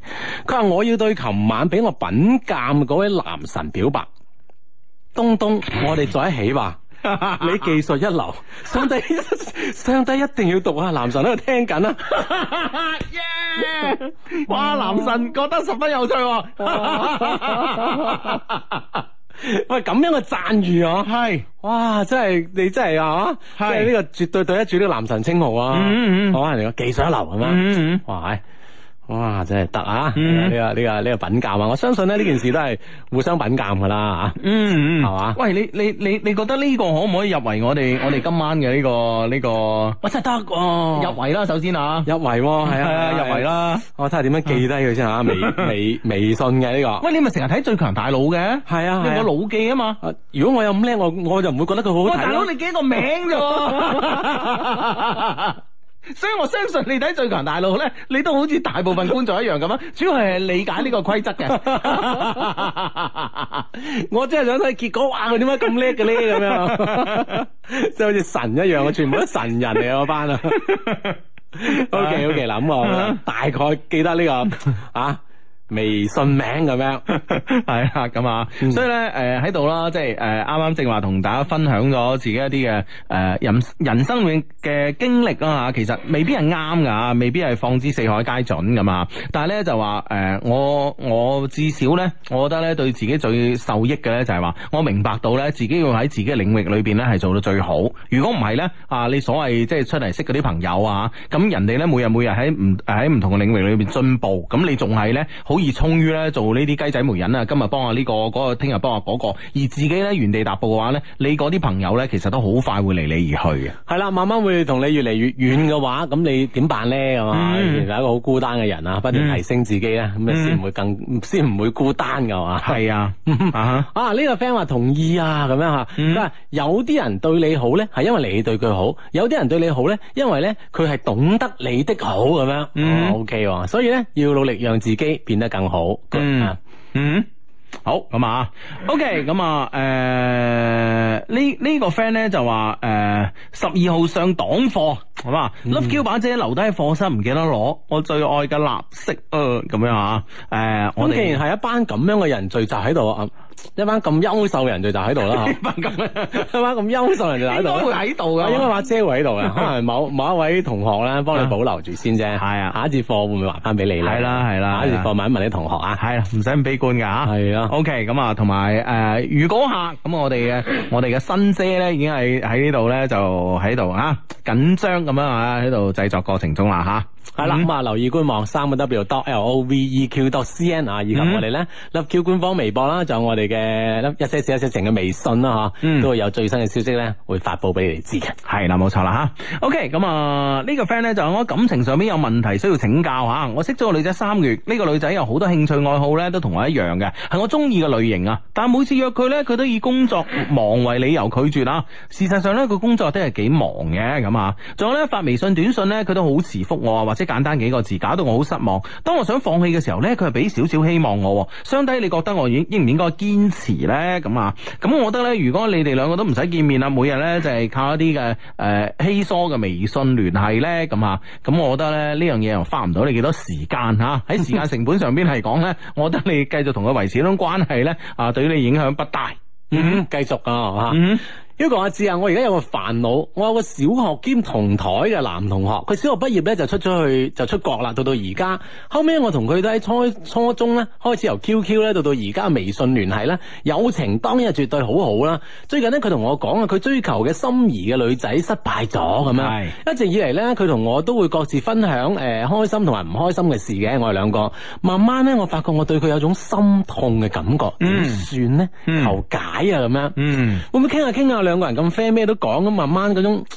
佢話我要對琴晚俾我品鑒嗰位男神表白。東東，我哋再一起吧。 你技術一流，上帝，上帝一定要讀啊！男神喺度聽緊啊！耶 Yeah !！ 哇，男神覺得十分有趣，啊。 喂，咁樣嘅讚譽啊！係是哇，真係你真係啊，係呢是個絕對對得住呢個男神稱號啊！好、mm hmm. 啊，你個技術一流咁啊，hmm. 哇係！哇！真係得啊！呢個呢個呢個品鑒啊！我相信咧呢件事都係互相品鑒噶啦啊！嗯嗯，係嘛？喂，你你你你覺得呢個可唔可以入圍我哋我哋今晚嘅呢個呢個？我真係得哦，入圍啦，首先啊，入圍係啊，入圍啦！我睇下點樣記低佢先啊，微微微信嘅呢個？喂，你咪成日睇最強大腦嘅，係啊，用我腦記啊嘛！如果我有咁叻，我我就唔會覺得佢好好睇咯。大佬，你記個名咋？所以我相信你睇《最強大腦》咧，你都好似大部分觀眾一樣咁樣，主要係理解呢個規則嘅。 我真係想睇結果，哇、啊！我點解咁叻嘅咧？咁樣即係好似神一樣，我全部都神人嚟啊！班 啊，OK OK，咁我，大概記得呢、這個啊。微信名咁樣，係啊，咁啊，所以咧，誒喺度啦，即係誒啱啱正話同大家分享咗自己一啲嘅誒人人生嘅嘅經歷啦嚇，其實未必係啱噶嚇，未必係放之四海皆準噶嘛。但係咧就話誒我我至少咧，我覺得咧對自己最受益嘅咧就係話，我明白到咧自己要喺自己嘅領域裏邊咧係做到最好。如果唔係咧啊，你所謂即係出嚟識嗰啲朋友啊，咁人哋咧每日每日喺唔喺唔同嘅領域裏面進步，咁你仲係咧好？而衷於咧做呢啲雞仔媒人啊，今日幫下呢個嗰個，聽、那、日、個、幫下嗰、那個，而自己咧原地踏步嘅話咧，你嗰啲朋友咧其實都好快會離你而去嘅。係啦，慢慢會同你越嚟越遠嘅話，咁你點辦咧？係嘛、嗯，原來係一個好孤單嘅人啊，不斷提升自己咧，咁先唔會更先唔、嗯、會孤單㗎嘛。係啊，uh huh. 啊呢、這個 friend 話同意啊，咁樣嚇。嗯、有啲人對你好咧，係因為你對佢好；有啲人對你好咧，因為咧佢係懂得你的好咁樣。嗯、啊、OK 所以咧要努力讓自己變得更好，嗯嗯。啊嗯好，咁啊，OK，咁啊，誒，呢呢個 friend 咧就話誒，十二號上黨課，好嘛？Love g 把遮留低喺課室，唔記得攞，我最愛嘅藍色啊，咁樣啊，誒，我哋既然係一班咁樣嘅人聚集喺度啊，一班咁優秀嘅人聚集喺度啦，一班咁一班咁優秀人聚集喺度，都會喺度噶，應該把遮會喺度，可能某某一位同學咧幫你保留住先啫，係啊，下一節課會唔會還翻俾你咧？係啦係啦，下一節課問一問啲同學啊，係，唔使咁悲觀噶吓，係啊。O K，咁啊，同埋誒如果吓咁， 我哋嘅我哋嘅新姐咧，已經係喺呢度咧，就喺度啊，緊張咁樣啊，喺度製作過程中啦吓。啊係啦，咁啊留意官網 www.loveq.cn 啊，以、這、及、個、我哋咧 loveq 官方微博啦，仲有我哋嘅一些事一些情嘅微信啦，吓，都會有最新嘅消息咧，會發布俾你哋知嘅。係啦，冇錯啦，吓。OK，咁啊呢個 friend 咧就係我感情上邊有問題需要請教吓、啊，我識咗個女仔三月，呢、這個女仔有好多興趣愛好咧都同我一樣嘅，係我中意嘅類型啊，但每次約佢咧，佢都以工作忙為理由拒絕啊。事實上咧，佢工作都係幾忙嘅咁啊。仲有咧發微信短信咧，佢都好遲覆我。或者簡單幾個字，搞到我好失望。當我想放棄嘅時候呢，佢係俾少少希望我。相低，你覺得我應應唔應該堅持呢？咁啊，咁我覺得呢，如果你哋兩個都唔使見面啦，每日呢就係靠一啲嘅誒稀疏嘅微信聯繫呢。咁啊，咁我覺得咧呢樣嘢又花唔到你幾多時間吓。喺、啊、時間成本上邊嚟講呢， 我覺得你繼續同佢維持呢種關係咧，啊，對於你影響不大。嗯，繼續啊，吓、啊。 如果講阿志啊，我而家有個煩惱，我有個小學兼同台嘅男同學，佢小學畢業咧就出咗去就出國啦，到到而家後尾我同佢都喺初初中咧開始由 QQ 咧到到而家微信聯繫啦，友情當然係絕對好好啦。最近呢，佢同我講啊，佢追求嘅心儀嘅女仔失敗咗咁樣，是一直以嚟咧佢同我都會各自分享誒、呃、開心同埋唔開心嘅事嘅，我哋兩個慢慢咧我發覺我對佢有種心痛嘅感覺，點算呢？求解啊咁樣，是會唔會傾下傾下？兩個人咁 friend，咩都講咁，慢慢嗰種，咁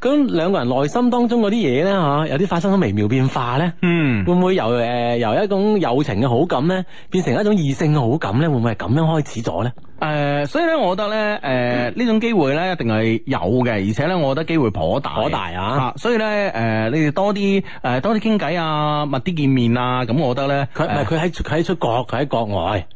種兩個人內心當中嗰啲嘢咧，嗬、啊，有啲發生咗微妙變化咧，嗯，會唔會由誒、呃、由一種友情嘅好感咧，變成一種異性嘅好感咧？會唔會係咁樣開始咗咧？誒、呃，所以咧，我覺得咧，誒、呃，呢種機會咧，一定係有嘅，而且咧，我覺得機會頗大，頗大啊！啊所以咧，誒、呃，你哋多啲誒、呃，多啲傾偈啊，密啲見面啊，咁我覺得咧，佢唔係佢喺佢喺出國，佢喺、呃、國外。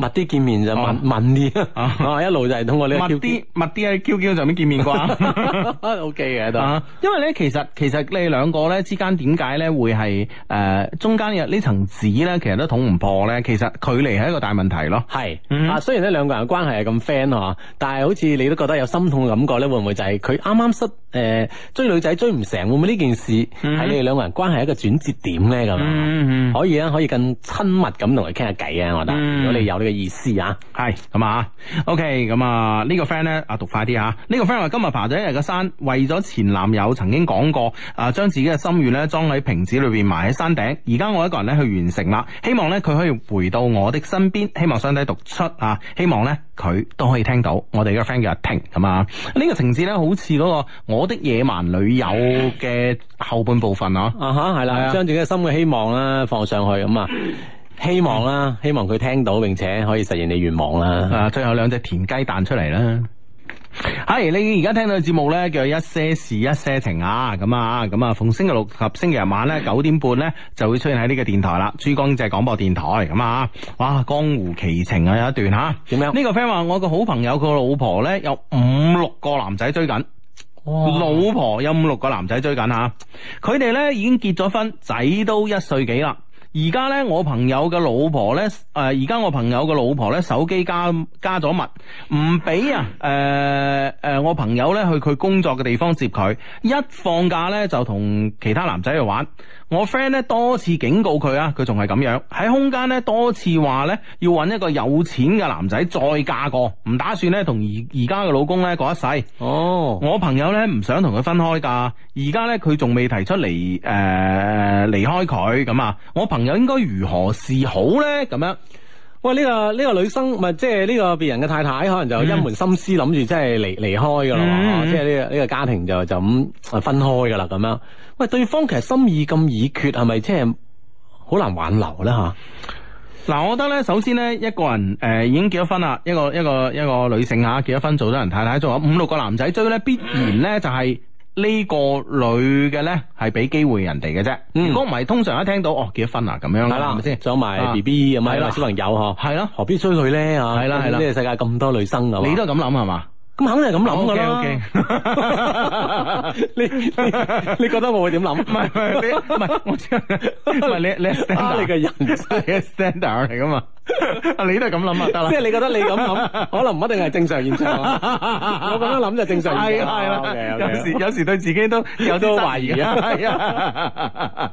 密啲見面就密密啲，一路就係通過你啲。密啲、啊，密啲喺 QQ 上面見面啩。O K 嘅度。啊、因為咧，其實其實你哋兩個咧之間點解咧會係誒、呃、中間有呢層紙咧，其實都捅唔破咧。其實距離係一個大問題咯。係是，嗯、啊雖然呢兩個人嘅關係係咁 friend 啊，但係好似你都覺得有心痛嘅感覺咧，會唔會就係佢啱啱失誒、呃、追女仔追唔成，會唔會呢件事係、嗯、你哋兩個人關係一個轉折點咧咁啊？嗯、可以啊，可以更親密咁同佢傾下偈啊！我覺得，嗯、如果你有、呢個嘅意思啊，係咁、okay，啊，OK，咁啊呢個 friend 呢，啊讀快啲啊，呢、這個 friend 話今日爬咗一日嘅山，為咗前男友曾經講過啊，將自己嘅心願呢裝喺瓶子裏邊埋喺山頂，而家我一個人呢去完成啦，希望呢佢可以回到我的身邊，希望山頂讀出啊，希望呢佢都可以聽到我哋，呢個 friend 叫阿婷。咁啊，呢、這個情節呢好似嗰、那個我的野蠻女友嘅後半部分嗬、啊，啊吓，係啦，將的的自己嘅心嘅希望呢放上去咁啊。 希望啦、啊，希望佢聽到，並且可以實現你願望啦、啊。啊，最後兩隻田雞彈出嚟啦。係你而家聽到嘅節目呢，叫一些事一些情啊。咁啊，咁啊，逢星期六及星期日晚呢，九點半呢，就會出現喺呢個電台啦，珠江經濟廣播電台咁啊。哇，江湖奇情啊，有一段吓、啊。點樣？呢個 friend 話我個好朋友佢老婆呢，有五六個男仔追緊。哇老婆有五六個男仔追緊啊！佢哋呢，已經結咗婚，仔都一歲幾啦。而家咧，我朋友嘅老婆咧，誒，而家我朋友嘅老婆咧，手機加加咗密，唔俾啊，誒誒，我朋友咧去佢工作嘅地方接佢，一放假咧就同其他男仔去玩。我 friend 咧，多次警告佢啊，佢仲係咁樣。喺空間咧，多次話咧，要揾一個有錢嘅男仔再嫁過，唔打算咧同而而家嘅老公咧過一世。哦，我朋友咧唔想同佢分開噶，而家咧佢仲未提出離誒離開佢咁啊，我朋友應該如何是好呢？咁樣。喂，呢、這個呢、這個女生唔係即係呢個別人嘅太太，可能就一門心思諗住即係離離開噶啦，即係呢個呢個家庭就就咁分開噶啦咁樣。喂，對方其實心意咁已決，係咪即係好難挽留咧吓？嗱、嗯啊，我覺得咧，首先咧，一個人誒、呃、已經結咗婚啦，一個一個一個女性吓結咗婚，結婚，做咗人太太，仲有五六個男仔追咧，必然咧、嗯、就係、是。呢個女嘅咧，係俾機會人哋嘅啫。如果唔係通常一聽到哦，結咗婚啊，咁樣啦，係咪先？仲有埋 B B 咁啊，小朋友嗬，係咯，何必追佢咧？係啦係啦，呢個世界咁多女生噶嘛，你都咁諗係嘛？咁肯定係咁諗噶啦。你你覺得我會點諗？唔係唔係，唔係我知，唔係你你你 standard 嘅人，你嘅 standard 嚟噶嘛？ 你都係咁諗啊得啦， 即係你覺得你咁諗，可能唔一定係正常現象。 我咁樣諗就正常現象。係，係有時有時對自己都有都懷疑 啊。哎哎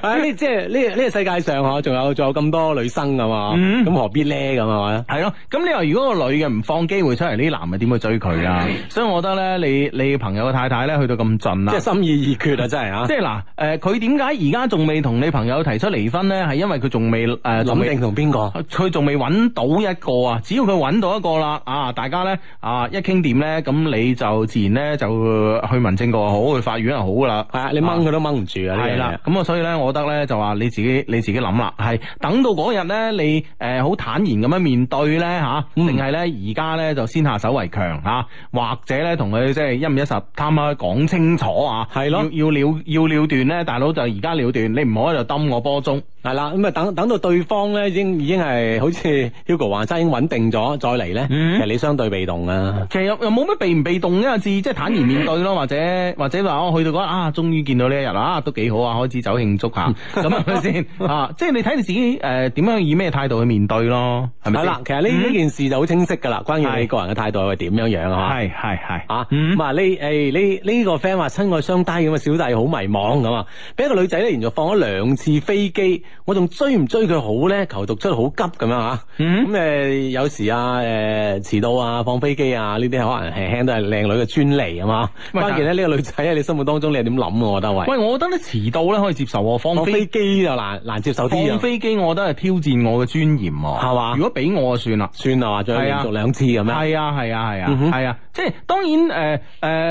啊！呢即係呢呢個世界上仲有仲有咁多女生噶嘛，咁何必呢？咁係咪？係咯，咁你話如果個女嘅唔放機會出嚟，呢啲男嘅點去追佢啊？所以我覺得呢，你你朋友嘅太太呢去到咁盡啦，即係心意已決啊！真係啊！即係嗱，誒，佢點解而家仲未同你朋友提出離婚呢？係因為佢仲未誒諗定同邊個？佢仲未揾到一個啊！只要佢揾到一個啦，啊，大家呢，啊一傾掂呢，咁你就自然呢就去民政局又好，去法院又好噶啦。係啊，你掹佢都掹唔住啊！係啦，咁所以咧，我覺得咧就話你自己你自己諗啦，係等到嗰日咧，你誒好坦然咁樣面對咧吓，定係咧而家咧就先下手為強吓、啊，或者咧同佢即係一五一十探下講清楚啊，係咯，要了要了斷咧，大佬就而家了斷，你唔好喺度抌我波鐘，係啦，咁啊等等到對方咧，已經已經係好似 Hugo 話齋已經穩定咗，再嚟咧，其實你相對被動啊，嗯、其實又冇咩被唔被動，動、就、啫、是，至即係坦然面對咯，或者或者話我去到嗰日啊，終於見到呢一日啦、啊啊，都幾好啊，開始走。慶祝吓，咁係咪先啊？即係你睇你自己誒，點、呃、樣以咩態度去面對咯？係咪啦？ 其實呢呢件事就好清晰噶啦，關於你個人嘅態度係點樣樣是啊？係係係啊！咁、嗯、啊，呢誒呢呢個 friend 話親愛相低咁啊，小弟好迷茫咁啊！俾一個女仔咧，連續放咗兩次飛機，我仲追唔追佢好咧？求讀出好急咁樣吓，咁、啊、誒、嗯啊、有時啊誒遲、呃、到啊放飛機啊呢啲可能輕輕都係靚女嘅專利啊嘛！關鍵咧呢、這個女仔喺你心目當中你係點諗我我得位喂，我覺得咧遲到咧可以接。受放飛機就難難接受啲，放飛機我覺得係挑戰我嘅尊嚴，啊。喎吧，係嘛？如果俾我就算啦，算啦嘛，再連續兩次咁樣。係啊係啊係啊係啊。哼即係當然誒誒、呃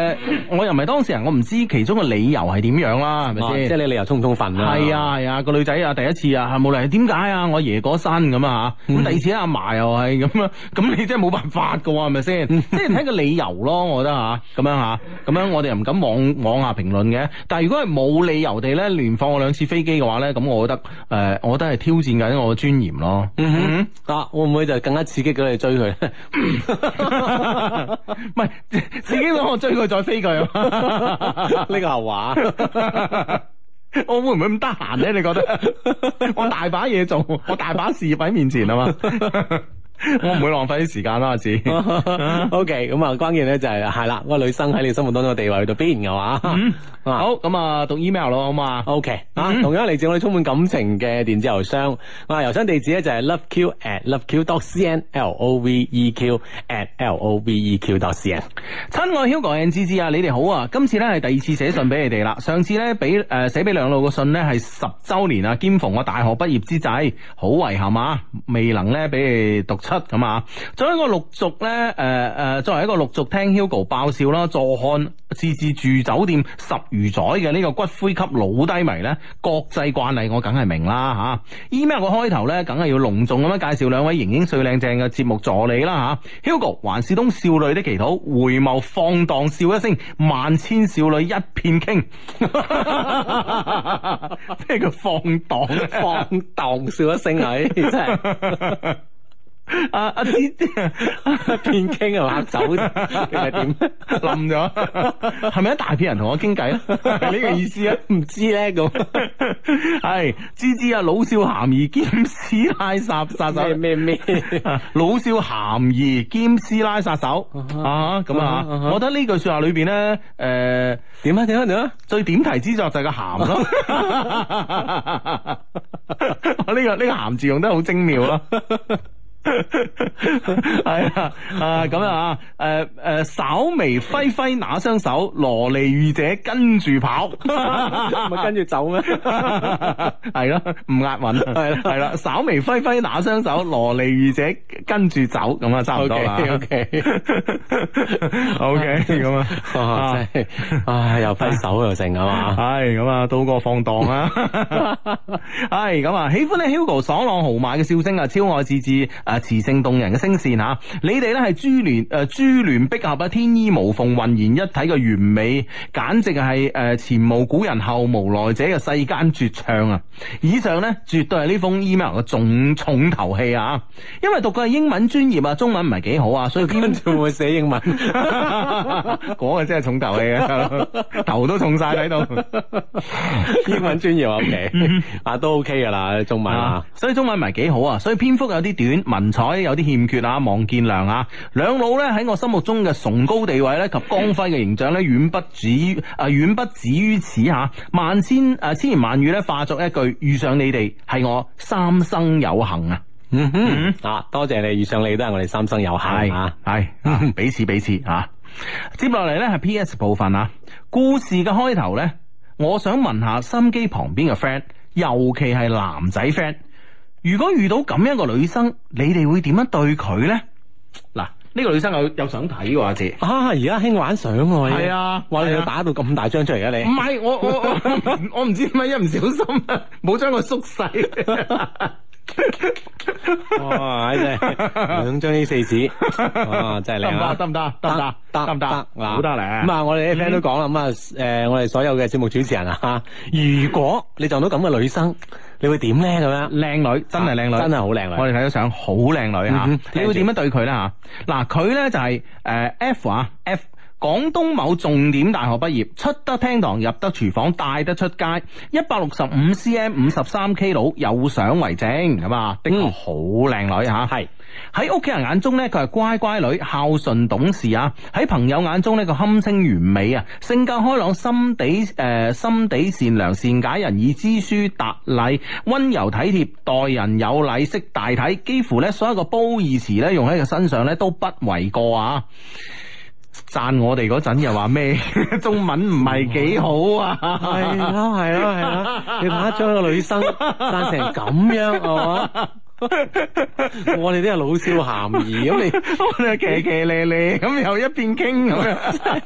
呃，我又唔係當事人，我唔知其中嘅理由係點樣啦，係咪先？是是即係你理由充唔充分啦。係啊係啊，個、啊啊、女仔啊第一次啊，無論點解啊，我爺果身咁啊吓，第二次阿嫲又係咁啊，咁你真係冇辦法噶喎，係咪先？即係睇個理由咯，我覺得吓，咁樣吓，咁樣我哋又唔敢妄妄下評論嘅。但係如果係冇理由地咧，連放我兩次飛機嘅話咧，咁我覺得誒、呃，我覺得係挑戰緊我嘅尊嚴咯。啊，會唔會就更加刺激咁去追佢？ 唔係自己攞我追佢再飛佢，啊呢個係話，我會唔會咁得閒咧？你覺得我大把嘢做，我大把事業喺面前啊嘛。 我唔會浪費啲時間啦，阿志。O K，咁啊，關鍵咧就係係啦，嗰個女生喺你心目當中嘅地位去到邊嘅話，好咁 Okay. 啊，讀 email 咯，好嘛？O K，啊，同樣嚟自我哋充滿感情嘅電子郵箱，啊，郵箱地址咧就係 loveq at loveq dot love love c n l o v e q at l o v e q dot c n。親愛香港人，芝芝啊，你哋好啊！今次咧係第二次寫信俾你哋啦，上次咧俾誒寫俾兩路嘅信咧係十周年啊，兼逢我大學畢業之際，好遺憾啊，未能咧俾你讀。咁啊、嗯！作為一個陸續咧，誒、呃、誒，作為一個陸續聽 Hugo 爆笑啦，坐看自治住酒店十餘載嘅呢個骨灰級老低迷咧，國際慣例我梗係明啦吓。啊、email 個開頭咧，梗係要隆重咁樣介紹兩位盈盈最靚正嘅節目助理啦吓。Hugo，還似東少女的祈禱，回眸放蕩笑一聲，萬千少女一片傾。咩叫放蕩？放蕩笑一聲係真係。阿阿芝片傾啊，殺走，定係點冧咗？係咪一大片人同我傾偈？啊？係呢個意思啊？唔知咧咁。係芝芝啊，老少咸宜，兼師奶殺殺手。咩咩咩？老少咸宜，兼師奶殺手啊咁啊！我覺得呢句說話裏邊咧，誒，點啊點啊點啊！最點題之作就係個咸咯。呢個呢個咸字用得好精妙咯。係 啊，誒咁啊，誒誒，稍微揮揮那雙手，蘿莉御姐跟住跑，咪跟住走咩？係咯，唔押韻。係啦，係啦，稍微揮揮那雙手，蘿莉御姐跟住走，咁 啊差唔多啦。O K，O K，O K，咁啊，唉、 哎，又揮手又剩係嘛？係咁啊，度、哎、過放蕩啊。係 咁 啊，喜歡你 Hugo 爽朗豪邁嘅笑聲啊，超愛自自。啊！磁性動人嘅聲線吓，你哋咧係珠聯誒珠聯璧合啊，天衣無縫，渾然一體嘅完美，簡直係誒前無古人後無來者嘅世間絕唱啊！以上咧絕對係呢封 email 嘅重重頭戲啊！因為讀嘅係英文專業啊，中文唔係幾好啊，所以堅持會寫英文講嘅真係重頭戲啊， 頭都重晒喺度。 英文專業 ok 啊，都 ok 噶啦，中文啊，所以中文唔係幾好啊，所以篇幅有啲短文采有啲欠缺啊，望見諒啊，兩老咧喺我心目中嘅崇高地位咧及光輝嘅形象咧，遠不止於啊遠不止於此啊，萬千啊千言萬語咧化作一句：遇上你哋係我三生有幸啊！嗯哼，啊多謝你，遇上你都係我哋三生有幸啊，係、啊、彼此彼此啊。接落嚟咧係 P S 部分啊，故事嘅開頭咧，我想問下心機旁邊嘅 friend，尤其係男仔 friend。如果遇到咁樣個女生，你哋會點樣對佢咧？嗱，呢、這個女生有又想睇個字啊！而家興玩相喎，係啊，話你、呃、打到咁大張出嚟啊！你唔係我我我唔知點解一唔小心，啊，冇將佢縮細哇！真係兩張 A4 紙真係得唔得？得唔得？得唔得？得唔得？好得嚟咁啊！我哋啲 friend 都講啦咁啊！誒，我哋所有嘅節目主持人啊吓，如果你撞到咁嘅女生。你會點呢？咁樣？靚女，真係靚女，啊、真係好靚女。我哋睇咗相，好靚女啊！嗯、你會點樣對佢呢？吓，嗱、就是，佢呢就係誒 F 啊，F 廣東某重點大學畢業，出得廳堂，入得廚房，帶得出街，一百六十五 CM，五十三 K 佬，有相為證，咁啊，的確好靚女吓，係、嗯。喺屋企人眼中呢，佢係乖乖女，孝順懂事啊！喺朋友眼中呢，佢堪稱完美啊！性格開朗、心地誒、呃、心地善良、善解人意、知書達禮、溫柔體貼、待人有禮、識大體，幾乎呢所有個褒義詞呢，用喺佢身上呢都不為過啊！讚我哋嗰陣又話咩？ 中文唔係幾好啊！係咯，係咯，係啊！你睇吓將個女生讚成咁樣係嘛？ 我哋啲係老少咸宜咁，你你 我哋騎騎咧咧咁又一邊傾咁樣。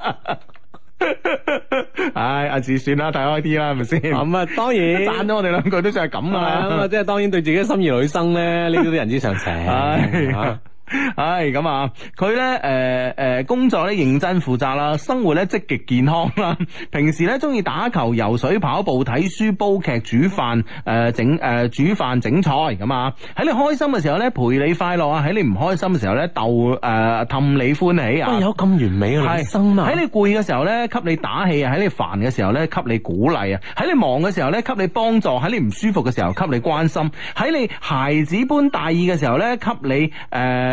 唉、 哎，阿志算啦，睇開啲啦，係咪先？咁啊、 嗯，當然讚咗我哋兩個都就係咁噶啦。咁啊、 嗯，即係當然對自己心儀女生咧，呢啲 都人之常情。唉。唉，咁啊，佢呢，誒，誒，工作呢，認真負責啦，生活呢，積極健康啦，平時呢，中意打球、游水、跑步、睇書、煲劇、煮飯，誒，整，誒，煮飯整菜，咁啊，喺你開心嘅時候呢，陪你快樂啊，喺你唔開心嘅時候呢，逗，誒，氹你歡喜啊，有咁完美嘅女生啊，喺你攰嘅時候呢，給你打氣啊，喺你煩嘅時候呢，給你鼓勵啊，喺你忙嘅時候呢，給你幫助，喺你唔舒服嘅時候，給你關心，喺你孩子般大意嘅時候呢，給你，誒。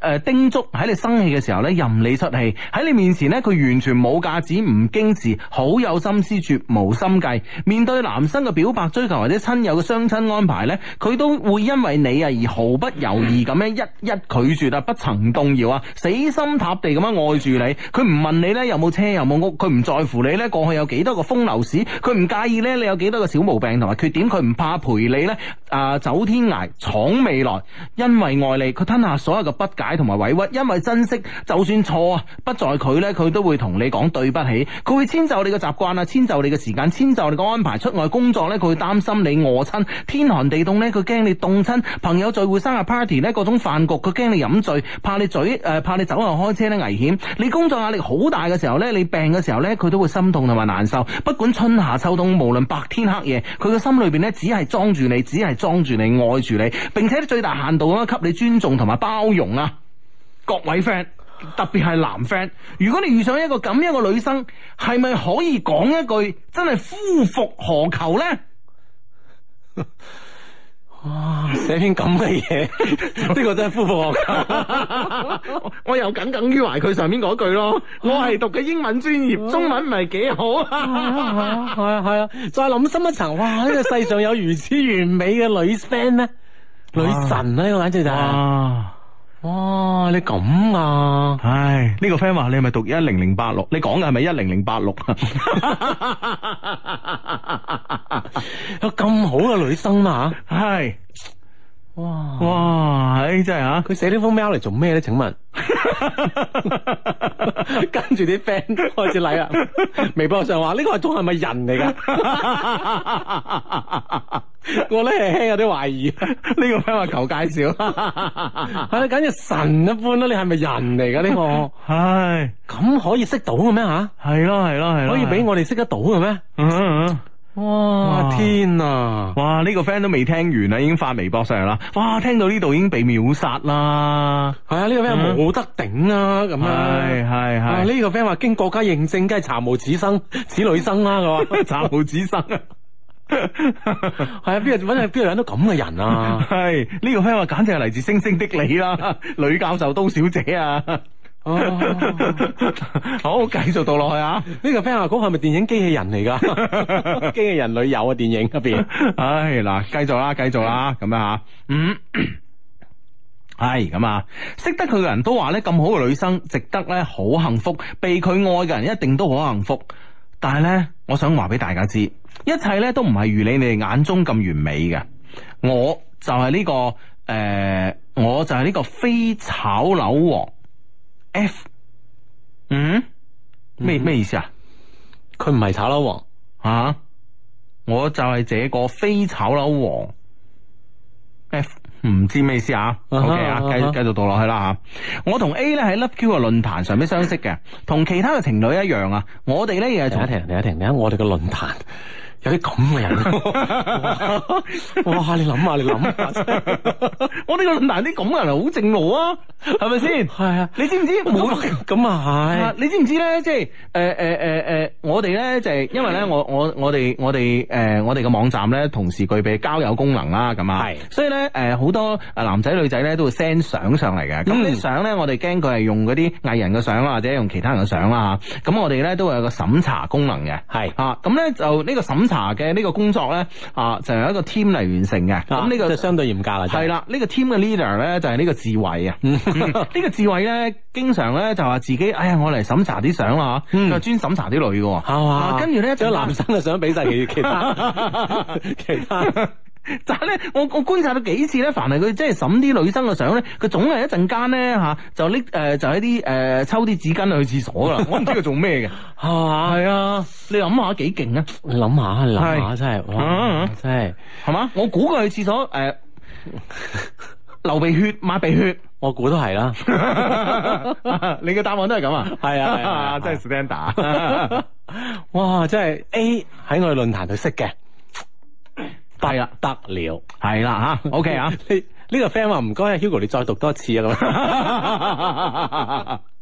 誒，叮囑喺你生氣嘅時候咧，任你出氣；喺你面前呢，佢完全冇架子，唔矜持，好有心思，絕無心計。面對男生嘅表白、追求或者親友嘅相親安排呢，佢都會因為你啊而毫不猶豫咁樣一一拒絕，但不曾動搖啊，死心塌地咁樣愛住你。佢唔問你呢有冇車有冇屋，佢唔在乎你呢過去有幾多個風流史，佢唔介意呢，你有幾多個小毛病同埋缺點，佢唔怕陪你呢啊、呃、走天涯闖未來，因為愛你，佢吞下所有嘅不解。同埋委屈，因為珍惜，就算錯啊，不在佢呢，佢都會同你講對不起，佢會遷就你嘅習慣啊，遷就你嘅時間，遷就你嘅安排。出外工作呢，佢會擔心你餓親，天寒地凍呢，佢驚你凍親。朋友聚會、生日 party 呢，各種飯局，佢驚你飲醉，怕你嘴誒怕你酒後開車呢危險。你工作壓力好大嘅時候呢，你病嘅時候呢，佢都會心痛同埋難受。不管春夏秋冬，無論白天黑夜，佢嘅心裏邊呢，只係裝住你，只係裝住你，愛住你，並且最大限度咁樣給你尊重同埋包容啊！各位 friend，特別係男 friend，如果你遇上一個咁樣嘅女生，係咪可以講一句真係夫復何求咧？哇！寫篇咁嘅嘢，呢個真係夫復何求？啊、我又耿耿於懷佢上面嗰句咯。我係讀嘅英文專業，啊、中文唔係幾好。啊，係啊係啊，再諗深，深一層，哇！呢、這個世上有如此完美嘅女 friend 咧， 女神咧、啊，呢個簡直就～哇！你咁啊！唉，呢個 friend 話你係咪讀一零零八六？你講嘅係咪一零零八六啊？有咁好嘅女生啊，唉。哇哇，哇的真係吓！佢寫呢封 mail 嚟做咩咧？請問， 跟住啲 friend 開始嚟啦，微博上話呢、這個係仲係咪人嚟噶？ 我咧係輕有啲懷疑，呢 個咩話求介紹？係、 啊、簡直神一般啦！你係咪人嚟噶呢個？唉 的，咁 可以識到嘅咩吓？係咯，係咯，係可以俾我哋識得到嘅咩？嗯嗯。 是的 哇天啊！哇呢、這個 friend 都未聽完啊，已經發微博上嚟啦！哇聽到呢度已經被秒殺啦！係啊，呢個 friend 冇得頂啊咁啊！係係係呢個 friend 話是、啊、經國家認證，梗係查無此生此女生啦，啊，咁啊 查無此生係啊邊度搵邊日搵到咁嘅人啊！係呢、 這個 friend 話簡直係嚟自星星，星的你啦，啊，女教授都小姐啊！哦，oh, oh, oh, oh. 好，繼續讀落去啊！呢個 friend 講係咪電影機器人嚟噶？機 器人女友啊，電影入邊， 唉嗱，繼續啦，繼續啦，咁 樣吓，嗯，係咁啊！ 識得佢嘅人都話咧，咁好嘅女生，值得咧好幸福，被佢愛嘅人一定都好幸福。但係咧，我想話俾大家知，一切咧都唔係如你哋眼中咁完美嘅。我就係呢、這個誒、呃，我就係呢個非炒樓王。F，mm hmm. 嗯，咩咩意思啊？佢唔係炒樓王啊！我就係這個非炒樓王。F 唔知咩意思啊？OK 啊，繼繼續讀落去啦吓。Uh huh. 我同 A 咧喺 Love Q 嘅論壇上面相識嘅，同、uh huh. 其他嘅情侶一樣啊。我哋咧亦係停一停，停一停，停，停我哋嘅論壇。有啲咁嘅人，哇！你諗下，你諗下，我呢個論壇啲咁嘅人好正路啊，係咪先？係啊，你知唔知？冇咁啊係，你知唔知咧？即係誒誒誒誒，我哋咧就係、是、因為咧是，我我我哋、呃、我哋誒我哋嘅網站咧，同時具備交友功能啦，咁啊，係是，所以咧誒好多誒男仔女仔咧都會 send 相上嚟嘅。咁啲相咧，我哋驚佢係用嗰啲藝人嘅相啊，或者用其他人嘅相啦吓。咁我哋咧都會有個審查功能嘅，係啊是。咁咧 就呢個審。查嘅呢個工作咧啊，就係一個 team 嚟完成嘅。咁呢、這個、啊、就相對嚴格啦。係、就、啦、是，呢、這個 team 嘅 leader 咧就係呢個智慧。啊。呢個智慧咧，經常咧就話自己哎呀，我嚟審查啲相啦吓，又專審查啲女嘅。係嘛吧，跟住咧仲有男生嘅相俾晒其他其他。但係咧，我 我觀察咗幾次咧，凡係佢即係審啲女生嘅相咧，佢總係一陣間咧吓，就拎誒，就喺啲誒，抽啲紙巾去廁所噶啦，我唔知佢做咩嘅。係 啊，你諗下幾勁啊！你諗下你諗下真係，哇， 真係係嘛？ 我估佢去廁所誒、呃，流鼻血、抹鼻血， 我估都係啦。 你嘅答案都係咁啊？係啊，真係 standard。哇，真係 A 喺我哋論壇度識嘅。弊啦，得了，係啦吓，OK 啊？呢呢、 呢個 friend 話唔該啊，Hugo 你再讀多次啊咁，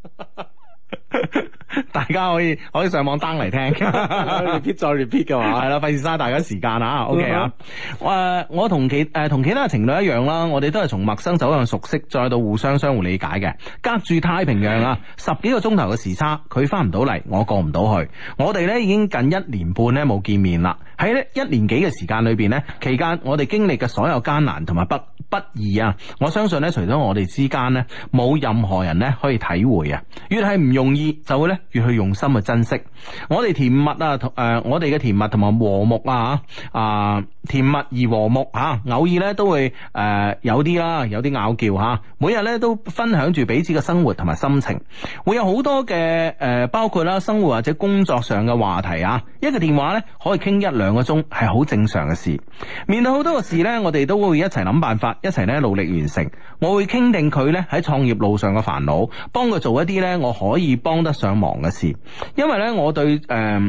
大家可以可以上網 down 嚟聽 再 repeat 嘅話，係啦，費事嘥大家時間啊 ，OK 啊？誒、呃，我同其誒同、呃、其他情侶一樣啦，我哋都係從陌生走向熟悉，再到互相相互理解嘅。隔住太平洋啊， 十幾個鐘頭嘅時差，佢翻唔到嚟，我過唔到去，我哋咧已經近一年半咧冇見面啦。喺呢一年幾嘅時間裏邊咧，期間我哋經歷嘅所有艱難同埋不不易啊，我相信咧，除咗我哋之間咧，冇任何人咧可以體會啊。越係唔容易，就會咧越去用心去珍惜。我哋甜蜜,、呃、甜蜜和和啊，同誒我哋嘅甜蜜同埋和睦啊，啊甜蜜而和睦啊，偶爾咧都會誒有啲啦，有啲拗撬吓，每日咧都分享住彼此嘅生活同埋心情，會有好多嘅誒、呃、包括啦生活或者工作上嘅話題啊，一個電話咧可以傾一兩。兩個鐘係好正常嘅事。面對好多嘅事呢，我哋都會一齊諗辦法，一齊咧努力完成。我會傾定佢呢喺創業路上嘅煩惱，幫佢做一啲呢我可以幫得上忙嘅事。因為呢，我對誒、呃，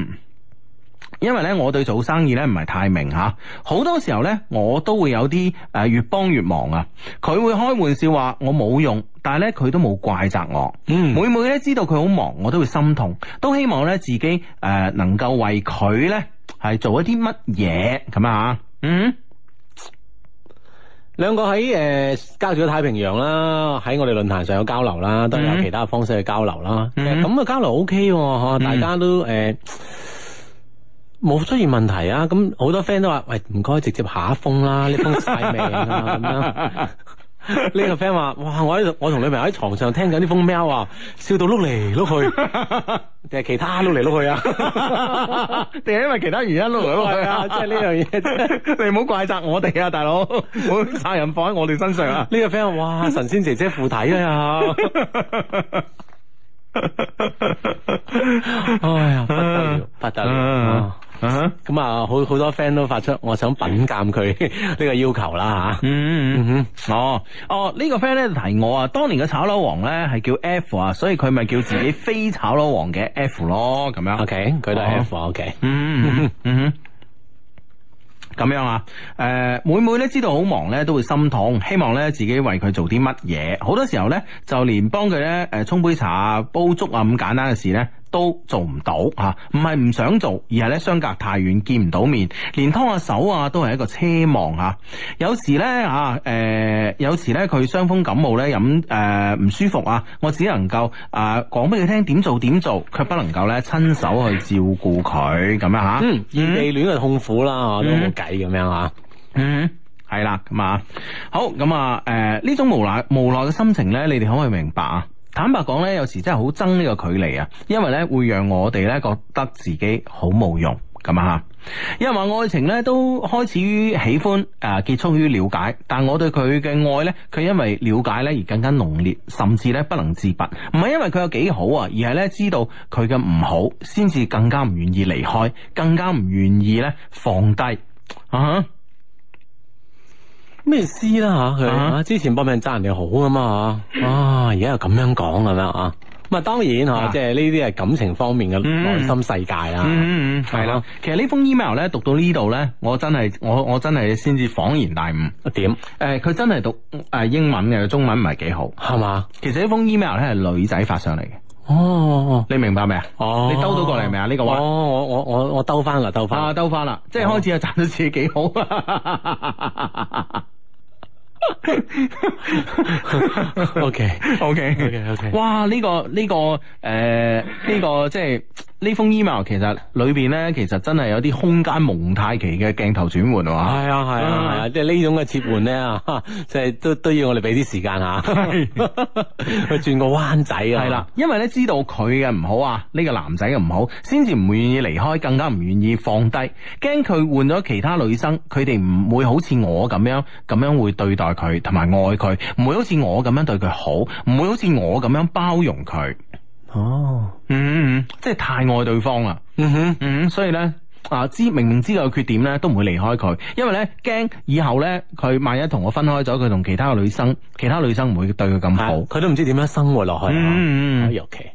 因為咧，我對做生意呢唔係太明吓。好多時候呢，我都會有啲誒越幫越忙啊。佢會開玩笑話我冇用，但係呢，佢都冇怪責我。嗯，每每咧知道佢好忙，我都會心痛，都希望呢自己誒、呃、能夠為佢呢。係做一啲乜嘢咁啊？嗯、mm，兩、hmm. 個喺誒，交、呃、咗太平洋啦，喺我哋論壇上有交流啦，都有其他方式去交流啦。咁嘅、mm hmm. 呃、交流 OK 喎，大家都誒冇、呃、出現問題啊。咁、嗯、好多 friend 都話：喂，唔該，直接下一封啦，呢 封晒命啊咁樣。 呢個 friend 話：哇！我喺度，我同女朋友喺床上聽緊啲風喵啊，笑到碌嚟碌去，定係其他碌嚟碌去啊？定係因為其他原因碌嚟碌去啊？即係呢樣嘢， 你唔好怪責我哋啊，大佬！唔好責任放喺我哋身上啊！呢個 friend 話：哇！神仙姐姐姐附體啊！ 哎呀，不得了，不得了！ 啊咁啊、uh，好、huh. 好多 friend 都發出我想品鑒佢呢個要求啦吓。嗯嗯哦哦，呢、huh. uh, 個 friend 咧提我啊，當年嘅炒樓王咧係叫 F 啊，所以佢咪叫自己非炒樓王嘅 F 咯，咁樣。O K，佢都係 F。O K。嗯嗯咁樣啊，誒、呃，每每咧知道好忙咧，都會心痛，希望咧自己為佢做啲乜嘢。好多時候咧，就連幫佢咧，誒，沖杯茶、煲粥啊，咁簡單嘅事咧。都做唔到吓，唔係唔想做，而係咧相隔太遠，見唔到面，連拖下手啊都係一個奢望啊！有時咧啊，誒、呃，有時咧佢傷風感冒咧，飲誒唔舒服啊，我只能夠啊講俾佢聽點做點做，卻不能夠咧親手去照顧佢咁樣吓、啊嗯啊啊嗯。嗯，異地戀嘅痛苦啦，我都冇計咁樣啊。嗯、呃，係啦，咁啊，好咁啊，誒，呢種無奈無奈嘅心情咧，你哋可唔可以明白啊？坦白講咧，有時真係好憎呢個距離啊，因為咧會讓我哋咧覺得自己好冇用咁啊。因為話愛情咧都開始於喜歡誒、啊，結束於了解，但我對佢嘅愛咧，佢因為了解咧而更加濃烈，甚至咧不能自拔。唔係因為佢有幾好啊，而係咧知道佢嘅唔好，先至更加唔願意離開，更加唔願意咧放低啊。咩事啦吓佢？之前搏命讚人哋好㗎嘛？啊，而家又咁樣講咁樣啊？咁啊，當然吓，即係呢啲係感情方面嘅內心世界啦。嗯，係咯，其實呢封 email 咧，讀到呢度咧，我真係我我真係先至恍然大悟。點？誒，佢真係讀誒英文嘅，中文唔係幾好，係嘛？其實呢封 email 咧係女仔發上嚟嘅。哦，你明白未啊？哦，你兜到過嚟未啊？呢個話我我我我兜翻啦，兜翻，兜翻啦。即係開始啊，賺到自己幾好啊！O K O K O K O K，哇！呢個呢個誒呢個，呃 呢個即係。呢封 email 其實裏邊呢，其實真係有啲空間蒙太奇嘅鏡頭轉換啊！係啊係啊，即係呢種嘅切換呢，啊， 即係都都要我哋俾啲時間 啊，去轉個彎仔啊！係啦，因為咧知道佢嘅唔好啊，呢個男仔嘅唔好，先至唔願意離開，更加唔願意放低，驚佢換咗其他女生，佢哋唔會好似我咁樣咁樣會對待佢，同埋愛佢，唔會好似我咁樣對佢好，唔會好似我咁樣包容佢。哦、oh. 嗯，嗯，即係太愛對方啦，嗯哼、mm，hmm. 嗯，所以呢，啊，知明明知道佢缺點呢，都唔會離開佢，因為呢，驚以後呢，佢萬一同我分開咗，佢同其他嘅女生，其他女生唔會對佢咁好，佢都唔知點樣生活落去，嗯嗯、mm，hmm. okay.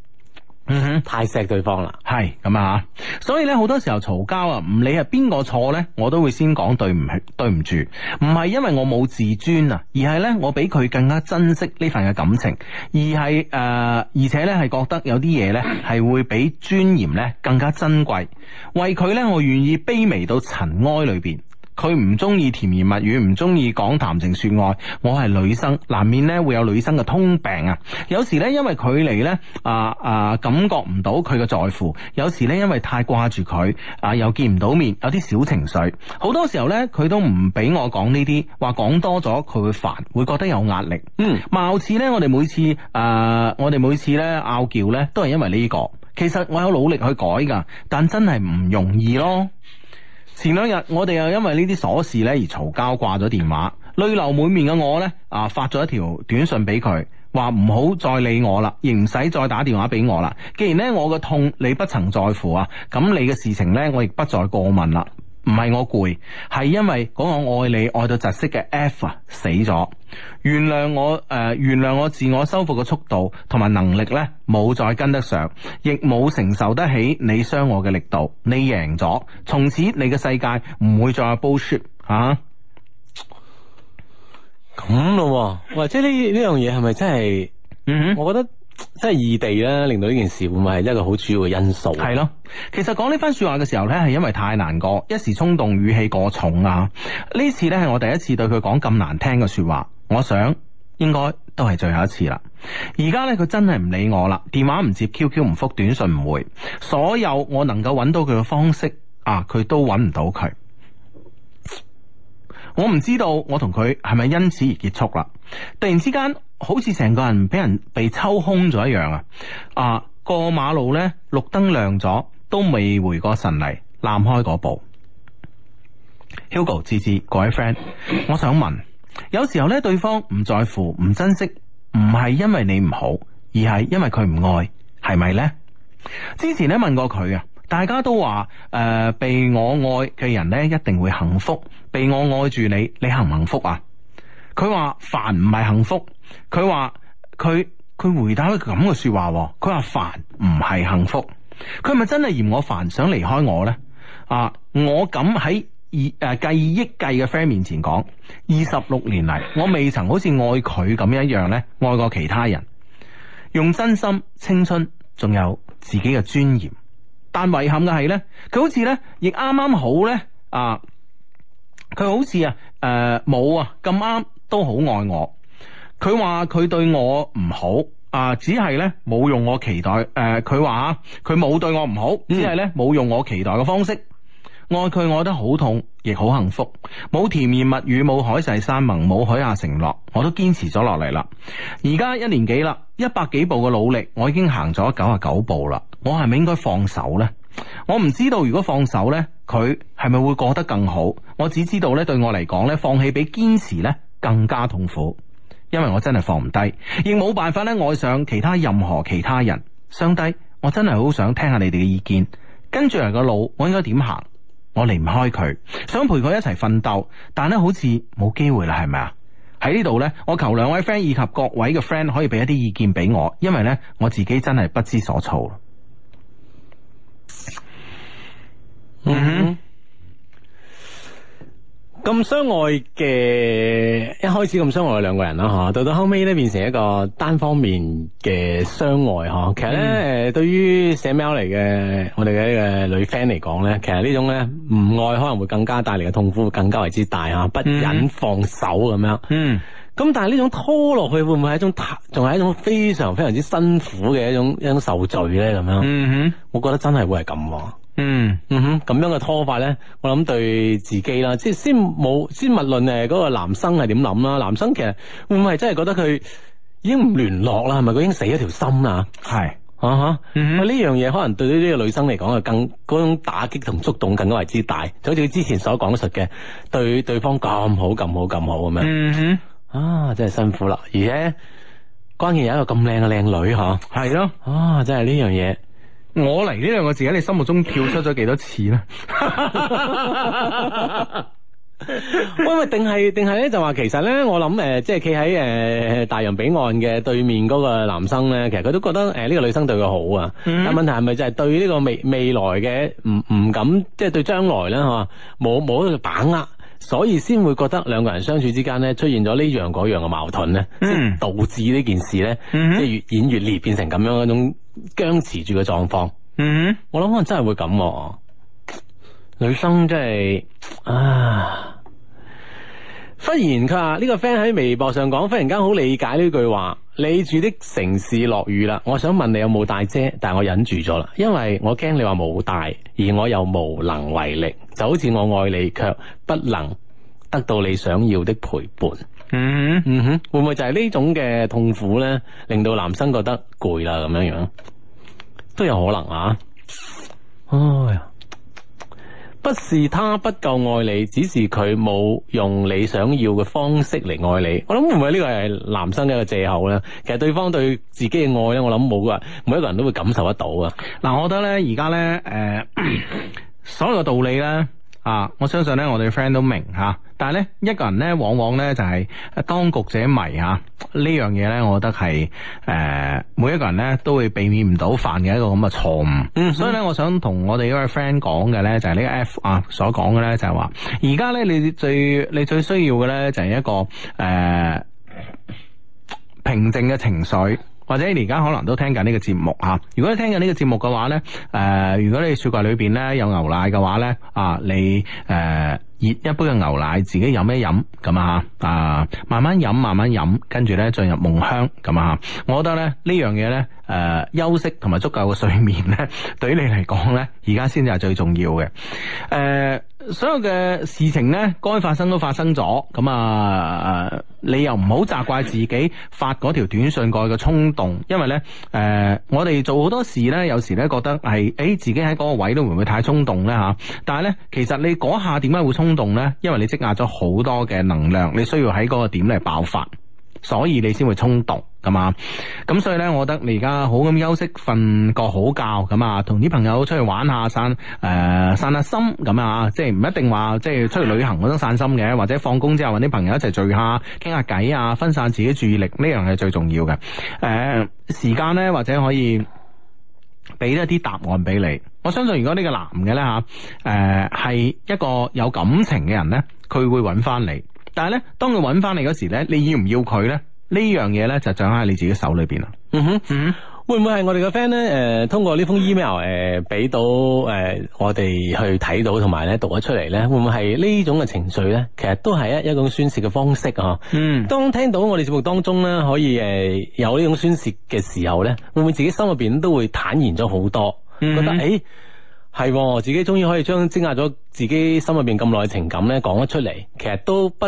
嗯哼，太錫對方啦，係咁啊，所以咧好多時候嘈交啊，唔理係邊個錯呢，我都會先講對唔起對唔住，唔係因為我冇自尊啊，而係呢，我比佢更加珍惜呢份嘅感情，而係誒、呃、而且呢，係覺得有啲嘢呢係會比尊嚴呢更加珍貴，為佢呢，我願意卑微到塵埃裏邊。佢唔中意甜言蜜語，唔中意講談情說愛。我係女生，難免咧會有女生嘅通病啊！有時咧因為距離咧啊啊感覺唔到佢嘅在乎，有時咧因為太掛住佢啊又見唔到面，有啲小情緒。好多時候咧佢都唔俾我講呢啲，話講多咗佢會煩，會覺得有壓力。嗯，貌似咧我哋每次誒、呃、我哋每次咧拗撬咧都係因為呢個。其實我有努力去改噶，但真係唔容易咯。前兩日我哋又因為呢啲瑣事咧而嘈交，掛咗電話，淚流滿面嘅我咧啊，發咗一條短信俾佢，話唔好再理我啦，亦唔使再打電話俾我啦。既然呢，我嘅痛你不曾在乎啊，咁你嘅事情呢，我亦不再過問啦。唔係我攰，係因為我愛你愛到窒息嘅 F 啊死咗。原諒我誒、呃，原諒我自我修復嘅速度同埋能力咧，冇再跟得上，亦冇承受得起你傷我嘅力度。你贏咗，從此你嘅世界唔會再有 bullshit 吓。咁咯，或者呢呢樣嘢係咪真係？嗯哼，哼我覺得。即係異地呢，令到呢件事會唔會係一個好主要嘅因素？係咯，其實講呢番說話嘅時候呢，係因為太難過，一時衝動，語氣過重啊！呢次呢，係我第一次對佢講咁難聽嘅說話，我想應該都係最後一次啦。而家呢，佢真係唔理我啦，電話唔接，QQ 唔覆，短信唔回，所有我能夠揾到佢嘅方式啊，佢都揾唔到佢。我唔知道，我同佢係咪因此而結束啦？突然之間，好似成個人俾人被抽空咗一樣啊！啊，過馬路呢，綠燈亮咗，都未回過神嚟，攬開嗰步。Hugo 之之，各位 friend，我想問，有時候呢，對方唔在乎、唔珍惜，唔係因為你唔好，而係因為佢唔愛，係咪呢？之前呢，問過佢啊，大家都話誒、呃，被我愛嘅人呢，一定會幸福。被我愛住你，你幸唔幸福啊？佢話煩唔係幸福，佢話佢佢回答咗咁嘅說話，佢話煩唔係幸福，佢係咪真係嫌我煩想離開我呢？啊！我咁喺二誒計億計嘅 friend 面前講，二十六年嚟我未曾好似愛佢咁一樣呢。愛過其他人，用真心、青春，仲有自己嘅尊嚴。但遺憾嘅係呢，佢好似呢，亦啱啱好呢。啊！佢好似啊，誒冇啊咁啱都好愛我。佢話佢對我唔好啊，呃，只係咧冇用我期待。誒、呃，佢話佢冇對我唔好，只係咧冇用我期待嘅方式愛佢，愛，愛得好痛，亦好幸福。冇甜言蜜語，冇海誓山盟，冇許下承諾，我都堅持咗落嚟啦。而家一年幾啦，一百幾步嘅努力，我已經行咗九啊九步啦。我係咪應該放手咧？我唔知道如果放手呢，佢係咪會過得更好？我只知道咧，對我嚟講咧，放棄比堅持咧更加痛苦，因為我真係放唔低，亦冇辦法咧愛上其他任何其他人。相低。我真係好想聽下你哋嘅意見，跟住嚟嘅路我應該點行？我離唔開佢，想陪佢一齊奮鬥，但咧好似冇機會啦，係咪啊？喺呢度呢，我求兩位 friend 以及各位嘅 friend 可以俾一啲意見俾我，因為呢，我自己真係不知所措。嗯哼，咁相愛嘅一開始咁相愛嘅兩個人啦吓，到到後尾咧變成一個單方面嘅相愛吓。其實咧，誒，對於寫 mail 嚟嘅我哋嘅呢個女 friend 嚟講咧，其實呢、mm hmm. 其實種咧唔愛可能會更加帶嚟嘅痛苦會更加為之大啊，不忍放手咁樣。嗯、mm，咁、hmm. 但係呢種拖落去會唔會係一種，仲係一種非常非常之辛苦嘅一種一種受罪咧咁樣。嗯哼、mm，hmm. 我覺得真係會係咁。嗯，嗯哼，咁樣嘅拖法咧，我諗對自己啦，即係先冇先勿論誒，嗰個男生係點諗啦？男生其實會唔會真係覺得佢已經唔聯絡啦？係咪佢已經死咗條心啦？係啊哈，咁呢、嗯、哼樣嘢可能對呢個女生嚟講，係更嗰種打擊同觸動，更加為之大。就好似佢之前所講述嘅，對對，對方咁好、咁好、咁好咁樣，嗯、哼啊，真係辛苦啦！而且關鍵有一個咁靚嘅靚女，吓係咯，啊，的啊真係呢樣嘢。我嚟，呢兩個字喺你，你心目中跳出咗幾多次咧？喂定係定係咧，就話其實咧，我諗誒、呃，即係企喺誒大洋彼岸嘅對面嗰個男生咧，其實佢都覺得誒呢、呃這個女生對佢好啊。Mm hmm. 但係問題係咪就係對呢個未未來嘅唔唔敢，即係對將來咧吓，冇冇咗個把握，所以先會覺得兩個人相處之間咧出現咗呢樣嗰樣嘅矛盾咧、mm hmm.，即係導致呢件事咧，即係越演越烈，變成咁樣一種、呃。僵持住嘅狀況，嗯、mm，hmm. 我諗可能真係會咁、啊。女生真係啊，忽然佢話呢個 friend 喺微博上講，忽然間好理解呢句話。你住的城市落雨啦，我想問你有冇帶遮，但係我忍住咗啦，因為我驚你話冇帶，而我又無能為力，就好似我愛你，卻不能得到你想要的陪伴。嗯嗯哼，會唔會就係呢種嘅痛苦呢？令到男生覺得攰啦咁樣樣，都有可能啊！哎呀唉，不是他不夠愛你，只是佢冇用你想要嘅方式嚟愛你。我諗會唔會呢個係男生嘅一個借口呢？其實對方對自己嘅愛呢，我諗冇噶，每一個人都會感受得到啊。嗱，我覺得呢，而家呢，誒、呃，所有嘅道理呢。啊，我相信咧，我哋 friend 都明吓。但係咧，一個人咧，往往咧就係當局者迷吓。呢樣嘢咧，我覺得係誒、呃，每一個人咧都會避免唔到犯嘅一個咁嘅錯誤。嗯、mm，hmm. 所以咧，我想同我哋呢位 friend 講嘅咧，就係呢個 F 啊，所講嘅咧，就係話，而家咧你最你最需要嘅咧就係一個誒、呃、平靜嘅情緒。或者你而家可能都聽緊呢個節目吓、啊，如果你聽緊呢個節目嘅話咧，誒、呃，如果你雪櫃裏邊咧有牛奶嘅話咧，啊，你誒。呃熱一杯嘅牛奶，自己飲一飲咁啊？啊，慢慢飲，慢慢飲，跟住咧進入夢鄉咁啊！我覺得咧呢樣嘢咧，誒、呃，休息同埋足夠嘅睡眠咧，對於你嚟講咧，而家先至係最重要嘅。誒、呃，所有嘅事情咧，該發生都發生咗，咁啊，誒、呃、你又唔好責怪自己發嗰條短信過去嘅衝動，因為咧，誒、呃，我哋做好多事咧，有時咧覺得係，誒、欸，自己喺嗰個位都會唔會太衝動咧吓、啊？但係咧，其實你嗰下點解會衝動？動咧，因為你積壓咗好多嘅能量，你需要喺嗰個點嚟爆發，所以你先會衝動噶嘛。咁所以咧，我覺得你而家好咁休息，瞓個好覺咁啊，同啲朋友出去玩下散誒、呃、散下心咁啊，即係唔一定話即係出去旅行嗰種散心嘅，或者放工之後揾啲朋友一齊聚下，傾下偈啊，分散自己注意力呢樣係最重要嘅。誒、呃，時間咧或者可以。俾一啲答案俾你，我相信如果呢個男嘅咧吓，誒、呃、係一個有感情嘅人咧，佢會揾翻你。但係咧，當佢揾翻你嗰時咧，你要唔要佢咧？樣呢樣嘢咧就掌握喺你自己手裏邊啦、嗯。嗯哼。嗯。會唔會係我哋個 friend 咧？誒、呃，通過呢封 email 誒、呃，俾到誒、呃，我哋去睇到同埋咧讀咗出嚟咧，會唔會係呢種嘅情緒咧？其實都係一一種宣洩嘅方式啊。嗯。當聽到我哋節目當中咧，可以誒、呃、有呢種宣洩嘅時候咧，會唔會自己心入邊都會坦然咗好多？嗯。覺得誒，係、欸、自己終於可以將積壓咗自己心入邊咁耐嘅情感咧講咗出嚟，其實都不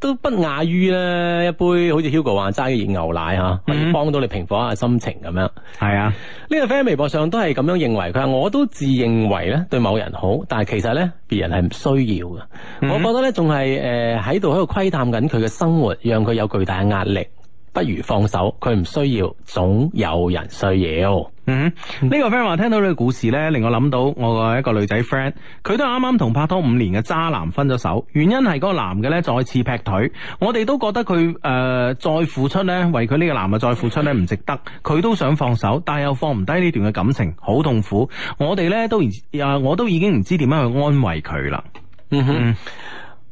都不亞於咧一杯好似 Hugo 話齋嘅牛奶吓，啊 mm hmm. 可以幫到你平復一下心情咁樣。係啊、mm，呢、hmm. 個 friend 微博上都係咁樣認為，佢話我都自認為咧對某人好，但係其實咧別人係唔需要嘅。Mm hmm. 我覺得咧仲係誒喺度喺度窺探緊佢嘅生活，讓佢有巨大嘅壓力，不如放手，佢唔需要，總有人需要。嗯哼，呢、mm hmm. 個 friend 話，聽到呢個故事呢，令我諗到我個一個女仔 friend，佢都啱啱同拍拖五年嘅渣男分咗手，原因係嗰個男嘅呢再次劈腿，我哋都覺得佢誒、呃、再付出呢，為佢呢個男嘅再付出呢唔值得，佢都想放手，但係又放唔低呢段嘅感情，好痛苦，我哋呢都啊，我都已經唔知點樣去安慰佢啦。嗯哼、mm。Hmm.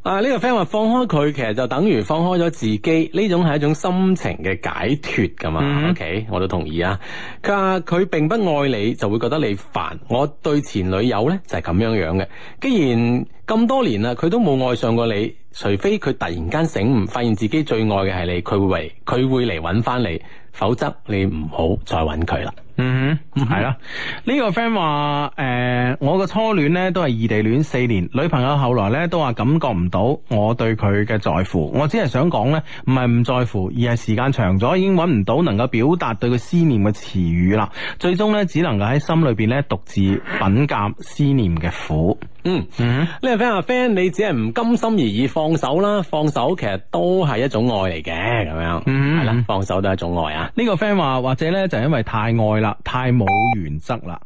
啊！呢個 friend 話放開佢，其實就等於放開咗自己，呢種係一種心情嘅解脫㗎嘛。Mm hmm. OK，我都同意啊。佢話佢並不愛你，就會覺得你煩。我對前女友呢，就係咁樣樣嘅。既然咁多年啦，佢都冇愛上過你，除非佢突然間醒悟，發現自己最愛嘅係你，佢會佢會嚟揾翻你。否則你唔好再揾佢啦。嗯哼，係啦。呢個 friend 話，誒，我個初戀咧都係異地戀四年，女朋友後來咧都話感覺唔到我對佢嘅在乎。我只係想講呢，唔係唔在乎，而係時間長咗已經揾唔到能夠表達對佢思念嘅詞語啦。最終呢，只能夠喺心裏邊咧獨自品鑒思念嘅苦。嗯，呢個 friend 話：friend，你只係唔甘心而已。放手啦，放手其實都係一種愛嚟嘅，咁樣，係啦，嗯，放手都係一種愛啊。呢個 friend 話，或者咧就係，因為太愛啦，太冇原則啦。